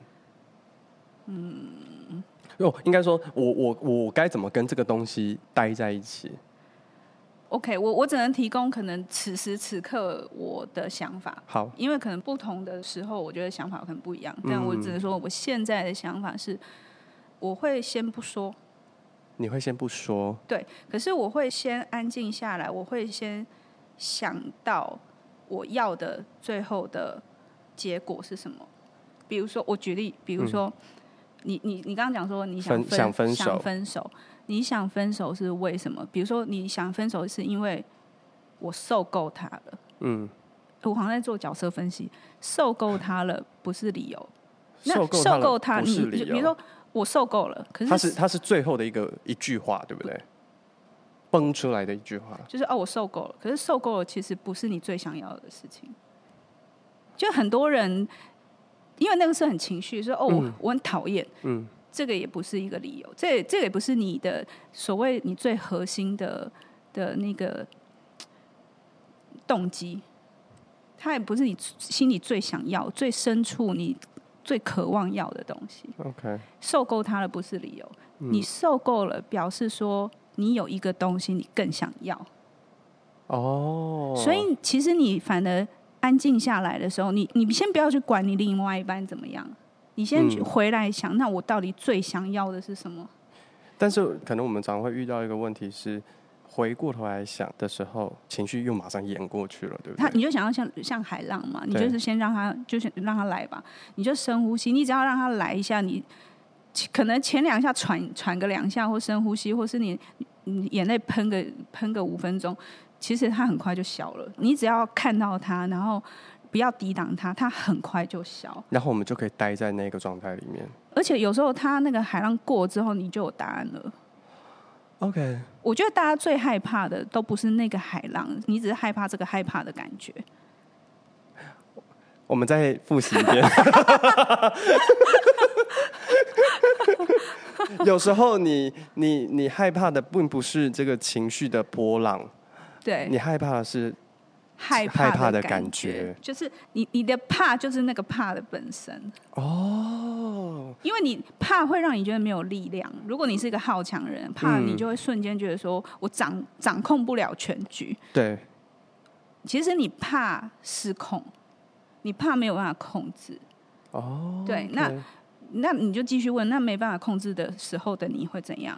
嗯，哦，應該說我我我該怎麼跟這個東西待在一起？OK，我我只能提供可能此時此刻我的想法，好，因為可能不同的時候，我覺得想法可能不一樣。嗯、但我只能說，我現在的想法是，我會先不說。你會先不說？對，可是我會先安靜下來，我會先想到我要的最後的結果是什麼。比如說，我舉例，比如說，嗯、你你你剛剛講說你想分想分手。想分手。你想分手是為什麼？比如說，你想分手是因為我受夠他了。嗯，我好像在做角色分析，受夠他了不是理由。那受夠他，他，你不是理由。比如說，我受夠了，可是他是他是最後的一個一句話，對不對？蹦出來的一句話，就是哦，我受夠了。可是受夠了其實不是你最想要的事情。就很多人，因為那個是很情緒，說哦，我很討厭。嗯。這個也不是一個理由，這個、這個也不是你的所謂你最核心的的那個動機，他也不是你心裡最想要、最深處你最渴望要的東西。OK，受夠他了不是理由，嗯、你受夠了表示說你有一個東西你更想要。哦、oh.，所以其實你反而安靜下來的時候，你你先不要去管你另外一半怎麼樣。你先回來想，嗯，那我到底最想要的是什麼？但是可能我們常會遇到一個問題是，回過頭來想的時候，情緒又馬上淹過去了，對不對？他你就想要像像海浪嘛，你就是先讓他就是讓他來吧，你就深呼吸，你只要讓他來一下，你可能前兩下喘喘個兩下或深呼吸，或是你，你眼淚噴個噴個五分鐘，其實他很快就消了。你只要看到他，然後。不要抵擋它，它很快就消。然後我們就可以待在那個狀態裡面。而且有時候它那個海浪過之後，你就有答案了。OK。我覺得大家最害怕的都不是那個海浪，你只是害怕這個害怕的感覺。我們再複習一遍。 有時候你你你害怕的並不是這個情緒的波浪，對，你害怕的是。害怕，害怕的感覺，就是你你的怕，就是那個怕的本身。哦、oh，因為你怕會讓你覺得沒有力量。如果你是一個好強人，怕你就會瞬間覺得說我掌、嗯、掌控不了全局。對，其實你怕失控，你怕沒有辦法控制。哦、oh，對，okay. 那那你就繼續問，那沒辦法控制的時候的你會怎樣？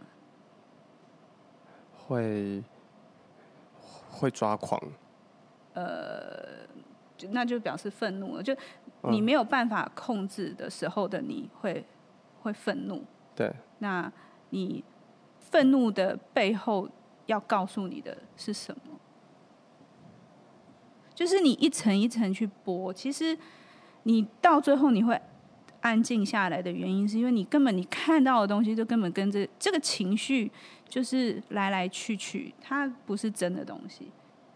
會會抓狂。呃，那就表示憤怒了。就你沒有辦法控制的時候的，你會、嗯、會憤怒。對。那你憤怒的背後要告訴你的是什麼？就是你一層一層去剝，其實你到最後你會安靜下來的原因，是因為你根本你看到的東西，就根本跟這個、這個情緒就是來來去去，它不是真的東西。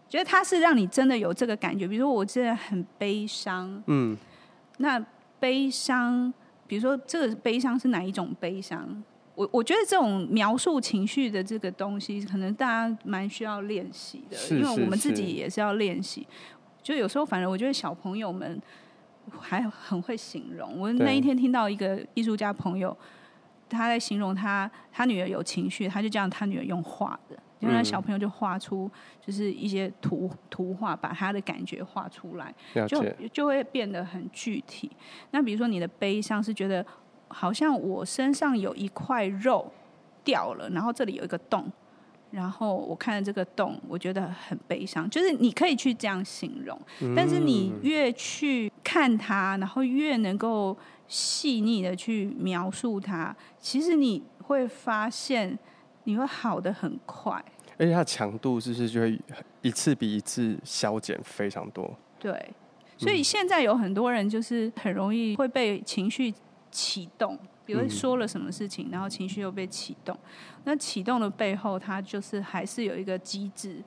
覺得他是讓你真的有這個感覺，比如說我真的很悲傷。嗯，那悲傷，比如說這個悲傷是哪一種悲傷？我我覺得這種描述情緒的這個東西，可能大家蠻需要練習的，因為我們自己也是要練習。就有時候，反正我覺得小朋友們還很會形容。我那一天聽到一個藝術家朋友，他在形容他他女兒有情緒，他就這樣，他女兒用畫的。那小朋友就畫出，就是一些圖圖畫，把他的感覺畫出來，就就會變得很具體。那比如說你的悲傷是覺得，好像我身上有一塊肉掉了，然後這裡有一個洞，然後我看着這個洞，我覺得很悲傷。就是你可以去這樣形容，但是你越去看它，然後越能夠細膩的去描述它，其實你會發現。你會好得很快，而且它的強度是不是就會一次比一次削減非常多？對，所以現在有很多人就是很容易會被情緒啟動，比如說了什麼事情，然後情緒又被啟動。嗯，那啟動的背後，它就是還是有一個機制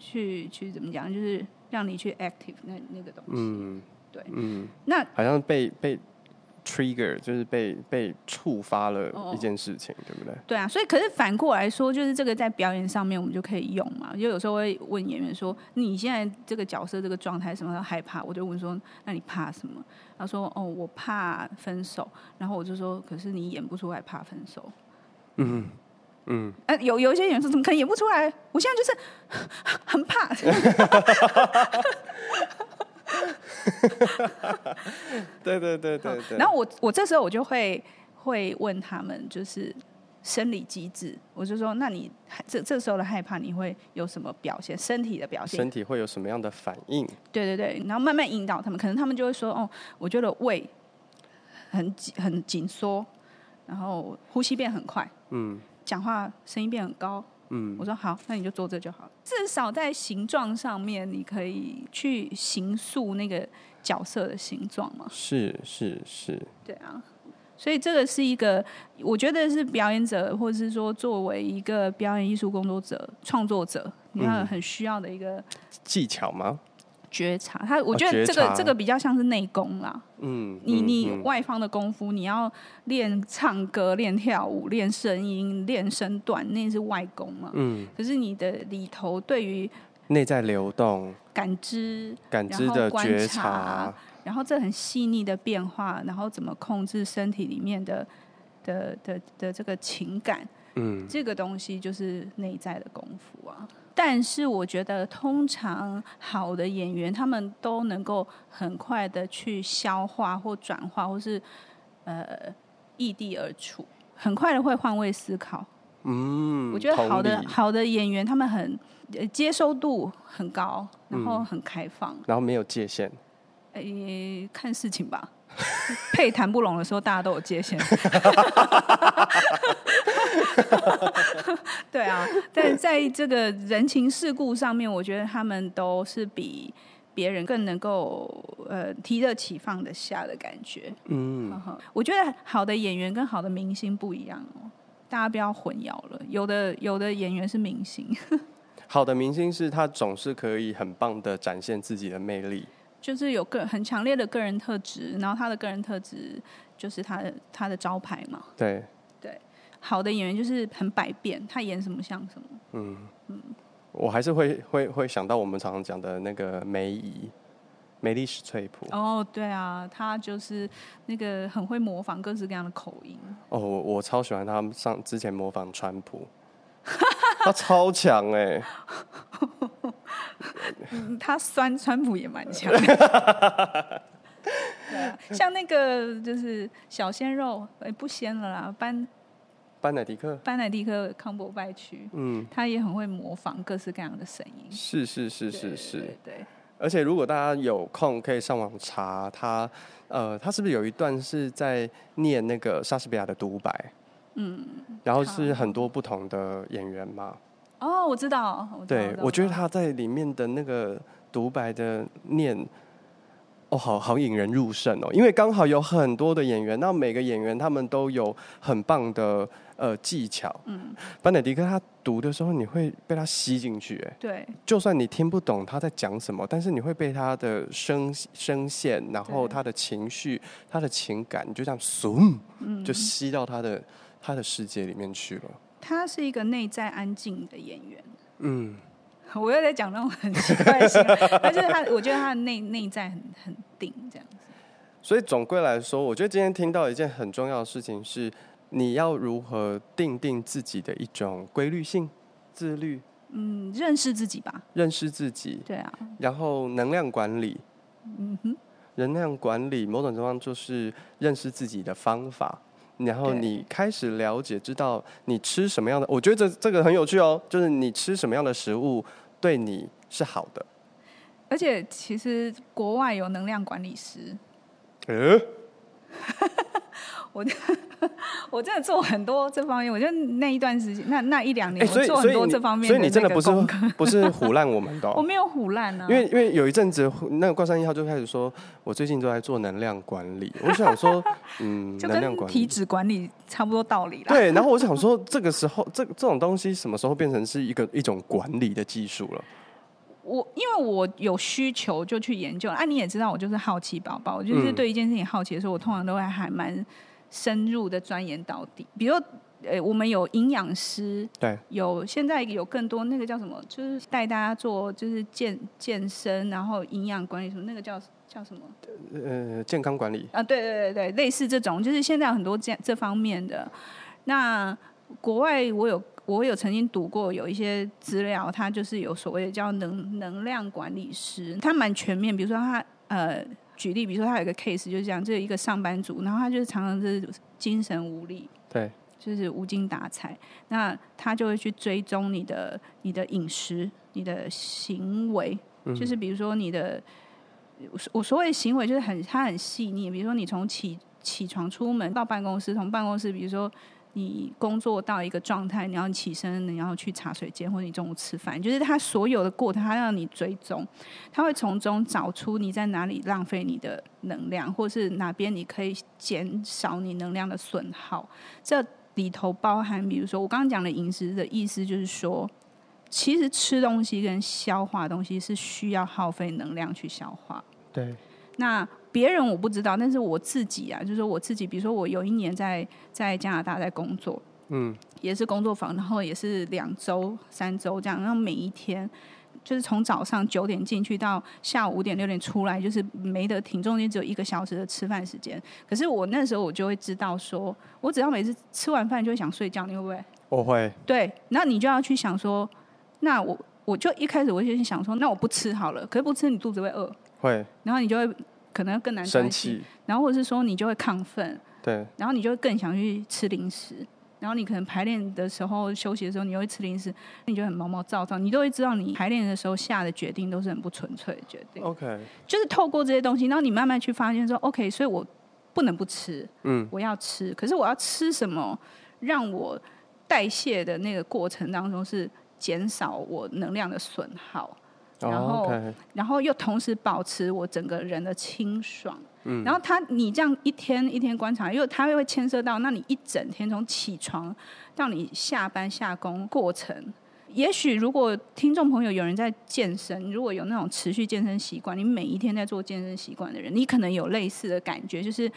去，去去怎麼講，就是讓你去 active 那那個東西，嗯。對，嗯，那好像被被。Trigger 就是被被觸發了一件事情，oh. 對不對？對啊，所以可是反過來說，就是這個在表演上面我們就可以用嘛。就有時候會問演員說：“你現在這個角色這個狀態什麼時候害怕？”我就問說：“那你怕什麼？”他說：“哦，我怕分手。”然後我就說：“可是你演不出來怕分手。嗯”嗯嗯、呃。有有一些演員說：“怎麼可能演不出來？”我現在就是很怕。 對對對對對。然後我我這時候我就會會問他們，就是生理機制，我就說，那你這這時候的害怕，你會有什麼表現？身體的表現？身體會有什麼樣的反應？對對對，然後慢慢引導他們，可能他們就會說，哦，我覺得胃很緊，很緊縮，然後呼吸變很快，嗯，講話聲音變很高。嗯，我說好，那你就做這就好了。至少在形狀上面，你可以去形塑那個角色的形狀嘛。是是是。對啊，所以這個是一個，我覺得是表演者，或者是說作為一個表演藝術工作者、創作者，嗯、你看很需要的一個技巧嗎？覺察，他我覺得這個這個比較像是內功啦。嗯，你你外方的功夫，你要練唱歌、嗯嗯、練跳舞、練聲音、練身段，那是外功嘛。嗯，可是你的裡頭對於內在流動、感知然後觀察、感知的覺察，然後這很細膩的變化，然後怎麼控制身體裡面的的的的、的、的這個情感，嗯，這個東西就是內在的功夫啊。但是我覺得，通常好的演員他們都能夠很快的去消化或轉化，或是呃易地而處，很快的會換位思考。嗯，我覺得好的好的演員他們很呃接收度很高，然後很開放，嗯、然後沒有界限。誒、欸，看事情吧。 配談不攏的時候，大家都有界限。 對啊，但在這個人情世故上面，我覺得他們都是比別人更能夠呃提得起放得下的感覺。嗯， 我覺得好的演員跟好的明星不一樣哦，大家不要混淆了。有的有的演員是明星， 好的明星是他總是可以很棒的展現自己的魅力。就是有個很強烈的個人特質，然後他的個人特質就是他的他的招牌嘛。對對，好的演員就是很百變，他演什麼像什麼。嗯嗯，我還是會會會想到我們常常講的那個梅姨，梅麗史翠普。哦、oh, 對啊，他就是那個很會模仿各式各樣的口音。哦、oh，我我超喜歡他們上之前模仿川普。 他超強哎、欸 嗯，他酸川普也蠻強、 啊、像那個就是小鮮肉，哎、欸，不鮮了啦，班班乃迪克，班乃迪克康伯拜區，嗯，他也很會模仿各式各樣的聲音，是是是是是，對，對，而且如果大家有空可以上網查他，呃，他是不是有一段是在念那個莎士比亞的獨白？嗯，然後是很多不同的演員嘛。哦我，我知道。對，我覺得他在裡面的那個獨白的念，哦，好好引人入勝哦。因為剛好有很多的演員，那每個演員他們都有很棒的呃技巧。嗯，班尼迪克他讀的時候，你會被他吸進去、欸，哎，對。就算你聽不懂他在講什麼，但是你會被他的聲聲線，然後他的情緒、他的情感，你就這樣咻就吸到他的。嗯他的世界裡面去了。他是一個內在安靜的演員。嗯，我又在講那種很奇怪的 但是他，我覺得他的內內在很很定這樣子。所以總歸來說，我覺得今天聽到一件很重要的事情是，你要如何定定自己的一種規律性、自律。嗯，認識自己吧。認識自己。對啊。然後能量管理。嗯哼。能量管理，某種程度上就是認識自己的方法。然後你開始了解，知道你吃什麼樣的，我覺得這這個很有趣哦，就是你吃什麼樣的食物對你是好的，而且其實國外有能量管理師。誒 我我真的做很多這方面，我覺得那一段時間，那那一兩年，我做很多這方面，所以你真的不是 不是唬爛我們的啊，我沒有唬爛啊。因為因為有一陣子，那個冠山一號就開始說，我最近都在做能量管理。我想說，嗯，能 量管理、體脂管理差不多道理啦。對，然後我想說，這個時候，這這種東西什麼時候變成是一個一種管理的技術了？我因為我有需求就去研究，啊，你也知道，我就是好奇寶寶，我就是對一件事情好奇的時候，我通常都會還蠻。嗯深入的鑽研到底，比如說，呃、欸，我們有營養師，對，有現在有更多那個叫什麼，就是帶大家做就是健健身，然後營養管理什麼，那個叫叫什麼？呃，健康管理啊，對對對對，類似這種，就是現在很多這，這方面的。那國外我有我有曾經讀過有一些資料，它就是有所謂的叫能能量管理師，它蠻全面，比如說它呃。舉例，比如說他有一個 case，就是講這樣就一個上班族，然後他就是常常就是精神無力，對，就是無精打采。那他就會去追蹤你的你的飲食、你的行為，就是比如說你的、嗯、我所謂的行為就是很他很細膩，比如說你從起起床出門到辦公室，從辦公室，比如說。你工作到一個狀態，你要起身，你要去茶水間，或者你中午吃飯，就是它所有的過程，它讓你追蹤，它會從中找出你在哪裡浪費你的能量，或是哪邊你可以減少你能量的損耗。這裡頭包含，比如說我剛剛講的飲食的意思，就是說，其實吃東西跟消化東西是需要耗費能量去消化。對。那別人我不知道，但是我自己啊，就是我自己，比如說我有一年在在加拿大在工作，嗯，也是工作坊，然後也是兩週三週這樣，然後每一天就是從早上九點進去到下午五點六點出來，就是沒得停，中間只有一個小時的吃飯時間。可是我那時候我就會知道說，說我只要每次吃完飯就會想睡覺，你會不會？我會。對，那你就要去想說，那我我就一開始我就想說，那我不吃好了，可是不吃你肚子會餓，會。然後你就會。可能更難休息，然後或者是說你就會亢奮，對，然後你就會更想去吃零食，然後你可能排練的時候休息的時候你又會吃零食，你就很毛毛躁躁，你都會知道你排練的時候下的決定都是很不純粹的決定。OK，就是透過這些東西，然後你慢慢去發現說，OK，所以我不能不吃，嗯，我要吃，可是我要吃什麼讓我代謝的那個過程當中是減少我能量的損耗。然後，oh, okay. 然後又同時保持我整個人的清爽。嗯，然後他，你這樣一天一天觀察，因為他又會牽涉到，那你一整天從起床到你下班下工過程，也許如果聽眾朋友有人在健身，如果有那種持續健身習慣，你每一天在做健身習慣的人，你可能有類似的感覺，就是。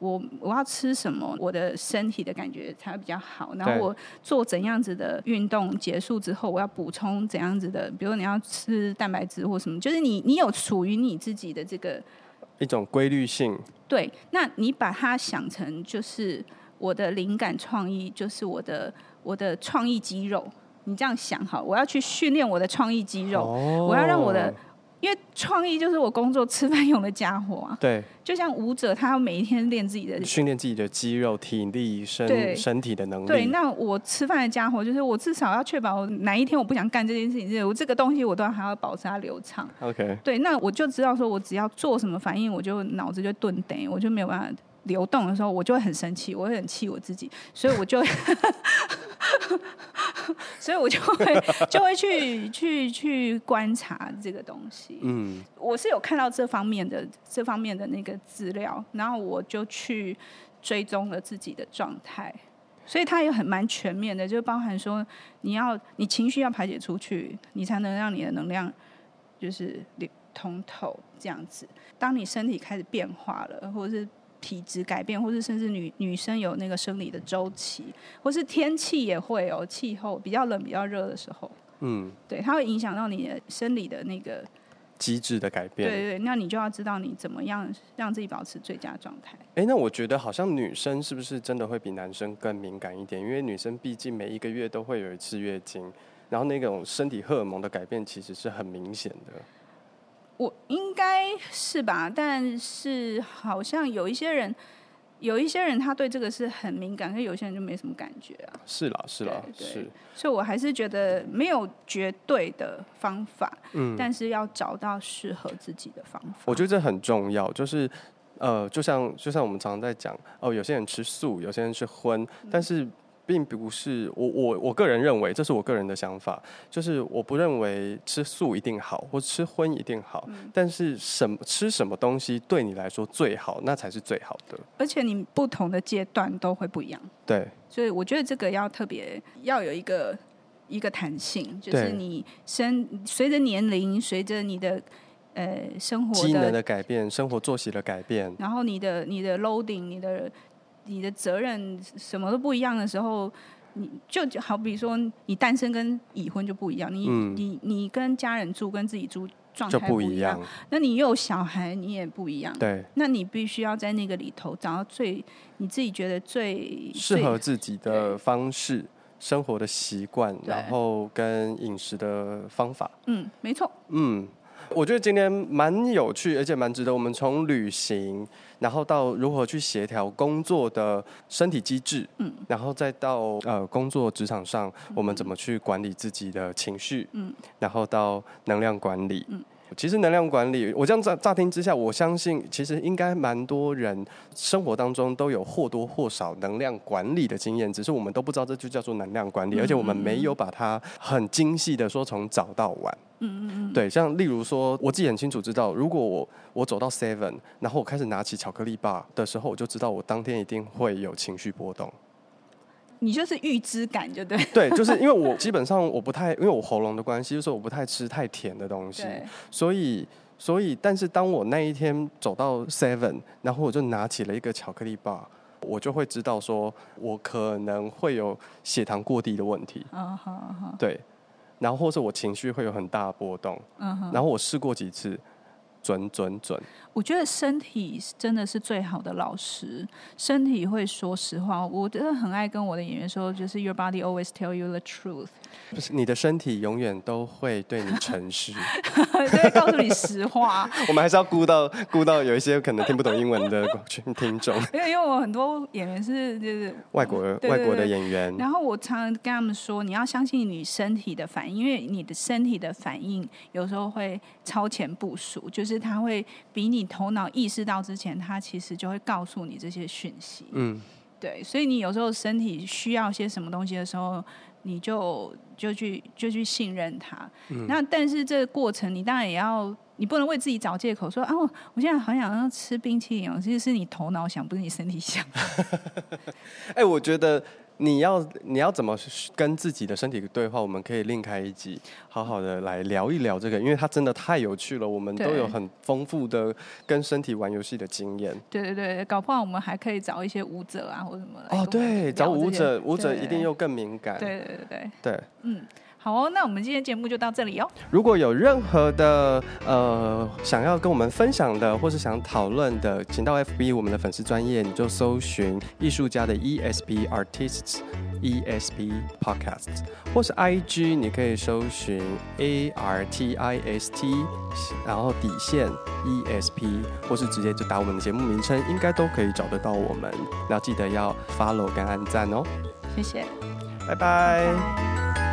我我要吃什麼？我的身體的感覺才會比較好。然後我做怎樣子的運動結束之後，我要補充怎樣子的，比如你要吃蛋白質或什麼，就是你你有屬於你自己的這個一種規律性。對，那你把它想成就是我的靈感創意，就是我的我的創意肌肉。你這樣想，好，我要去訓練我的創意肌肉，Oh. 我要讓我的。因為創意就是我工作、吃飯用的家伙啊！對。就像舞者，他要每一天練自己的人。訓練自己的肌肉、體力、身身體的能力。對，那我吃飯的家伙，就是我至少要確保，我哪一天我不想幹這件事情，我這個東西我都還要保持它流暢。OK。對，那我就知道，說我只要做什麼反應，我就腦子就頓，呆，我就沒有辦法。流動的時候，我就會很生氣，我會很氣我自己，所以我就， 所以我就會就會去去去觀察這個東西。嗯，我是有看到這方面的這方面的那個資料，然後我就去追蹤了自己的狀態。所以它也很蠻全面的，就包含說你要你情緒要排解出去，你才能讓你的能量就是通透這樣子。當你身體開始變化了，或者是體質改變，或是甚至女女生有那個生理的週期，或是天氣也會有、喔、氣候比較冷、比較熱的時候。嗯，對，它會影響到你的生理的那個機制的改變。對，對對，那你就要知道你怎麼樣讓自己保持最佳狀態。哎、欸，那我覺得好像女生是不是真的會比男生更敏感一點？因為女生畢竟每一個月都會有一次月經，然後那種身體荷爾蒙的改變其實是很明顯的。我應該是吧，但是好像有一些人，有一些人他對這個是很敏感，跟有些人就沒什麼感覺啊。是啦，是啦，是。所以，我還是覺得沒有絕對的方法，嗯，但是要找到適合自己的方法。我覺得這很重要，就是，呃，就像就像我們常常在講哦，有些人吃素，有些人吃葷，但是。嗯並不是我我我個人認為，這是我個人的想法，就是我不認為吃素一定好，或吃葷一定好，嗯，但是什麼吃什麼東西對你來說最好，那才是最好的。而且你不同的階段都會不一樣。對，所以我覺得這個要特別要有一個一個彈性，就是你生隨着年齡，隨着你的呃生活的技能的改變，生活作息的改變，然後你的你的 loading 你的。你的責任什麼都不一樣的時候，你就好比說你單身跟已婚就不一樣，你、嗯、你你跟家人住跟自己住狀態不，不一樣，那你有小孩你也不一樣，對，那你必須要在那個裡頭找到最你自己覺得最適合自己的方式、生活的習慣，然後跟飲食的方法，嗯，沒錯，嗯。我覺得今天蠻有趣，而且蠻值得，我們從旅行，然後到如何去協調工作的身體機制，嗯，然後再到呃工作職場上，我們怎麼去管理自己的情緒，嗯，然後到能量管理，嗯。其實能量管理，我這樣乍乍聽之下，我相信其實應該蠻多人生活當中都有或多或少能量管理的經驗，只是我們都不知道這就叫做能量管理，嗯嗯嗯。而且我們沒有把它很精細的說從早到晚。嗯嗯嗯。對，像例如說，我自己很清楚知道，如果我我走到 seven，然後我開始拿起巧克力棒的時候，我就知道我當天一定會有情緒波動。你就是預知感就對。對，就是因為我基本上我不太，因為我喉嚨的關係，就是我不太吃太甜的東西，所以，所以，但是當我那一天走到 Seven，然後我就拿起了一個巧克力棒，我就會知道說，我可能會有血糖過低的問題。啊哈哈。對，然後或是我情緒會有很大的波動。嗯哼。然後我試過幾次。準準準！我覺得身體真的是最好的老師，身體會說實話。我真的很愛跟我的演員說，就是 Your body always tell you the truth。不是，你的身體永遠都會對你誠實， 對，告訴你實話。 我們還是要顧到顧到有一些可能聽不懂英文的聽眾。因 為因為我很多演員是就是外國對對對對對外國的演員，然後我常跟他們說，你要相信你身體的反應，因為你的身體的反應有時候會超前部署，就是。是，他會比你頭腦意識到之前，他其實就會告訴你這些訊息。嗯，對，所以你有時候身體需要些什麼東西的時候，你就就去就去信任它。嗯。那但是這個過程，你當然也要，你不能為自己找借口說啊我，我現在好想要吃冰淇淋，其實是你頭腦想，不是你身體想。哎、 欸，我覺得。你要你要怎麼跟自己的身體對話？我們可以另開一集，好好的來聊一聊這個，因為它真的太有趣了。我們都有很豐富的跟身體玩遊戲的經驗。對對對，搞不好我們還可以找一些舞者啊或什麼的。哦，對，找舞者，舞者一定又更敏感。對對對對對。嗯。好，哦，那我們今天節目就到這裡哦。如果有任何的呃想要跟我們分享的，或是想討論的，請到 FB 我們的粉絲專業，你就搜尋藝術家的 ESP Artists ESP Podcast，s 或是 IG 你可以搜尋 ARTIST，然後底線 ESP，或是直接就打我們的節目名稱，應該都可以找得到我們。那記得要 follow 跟按讚哦，謝謝，拜拜。Bye bye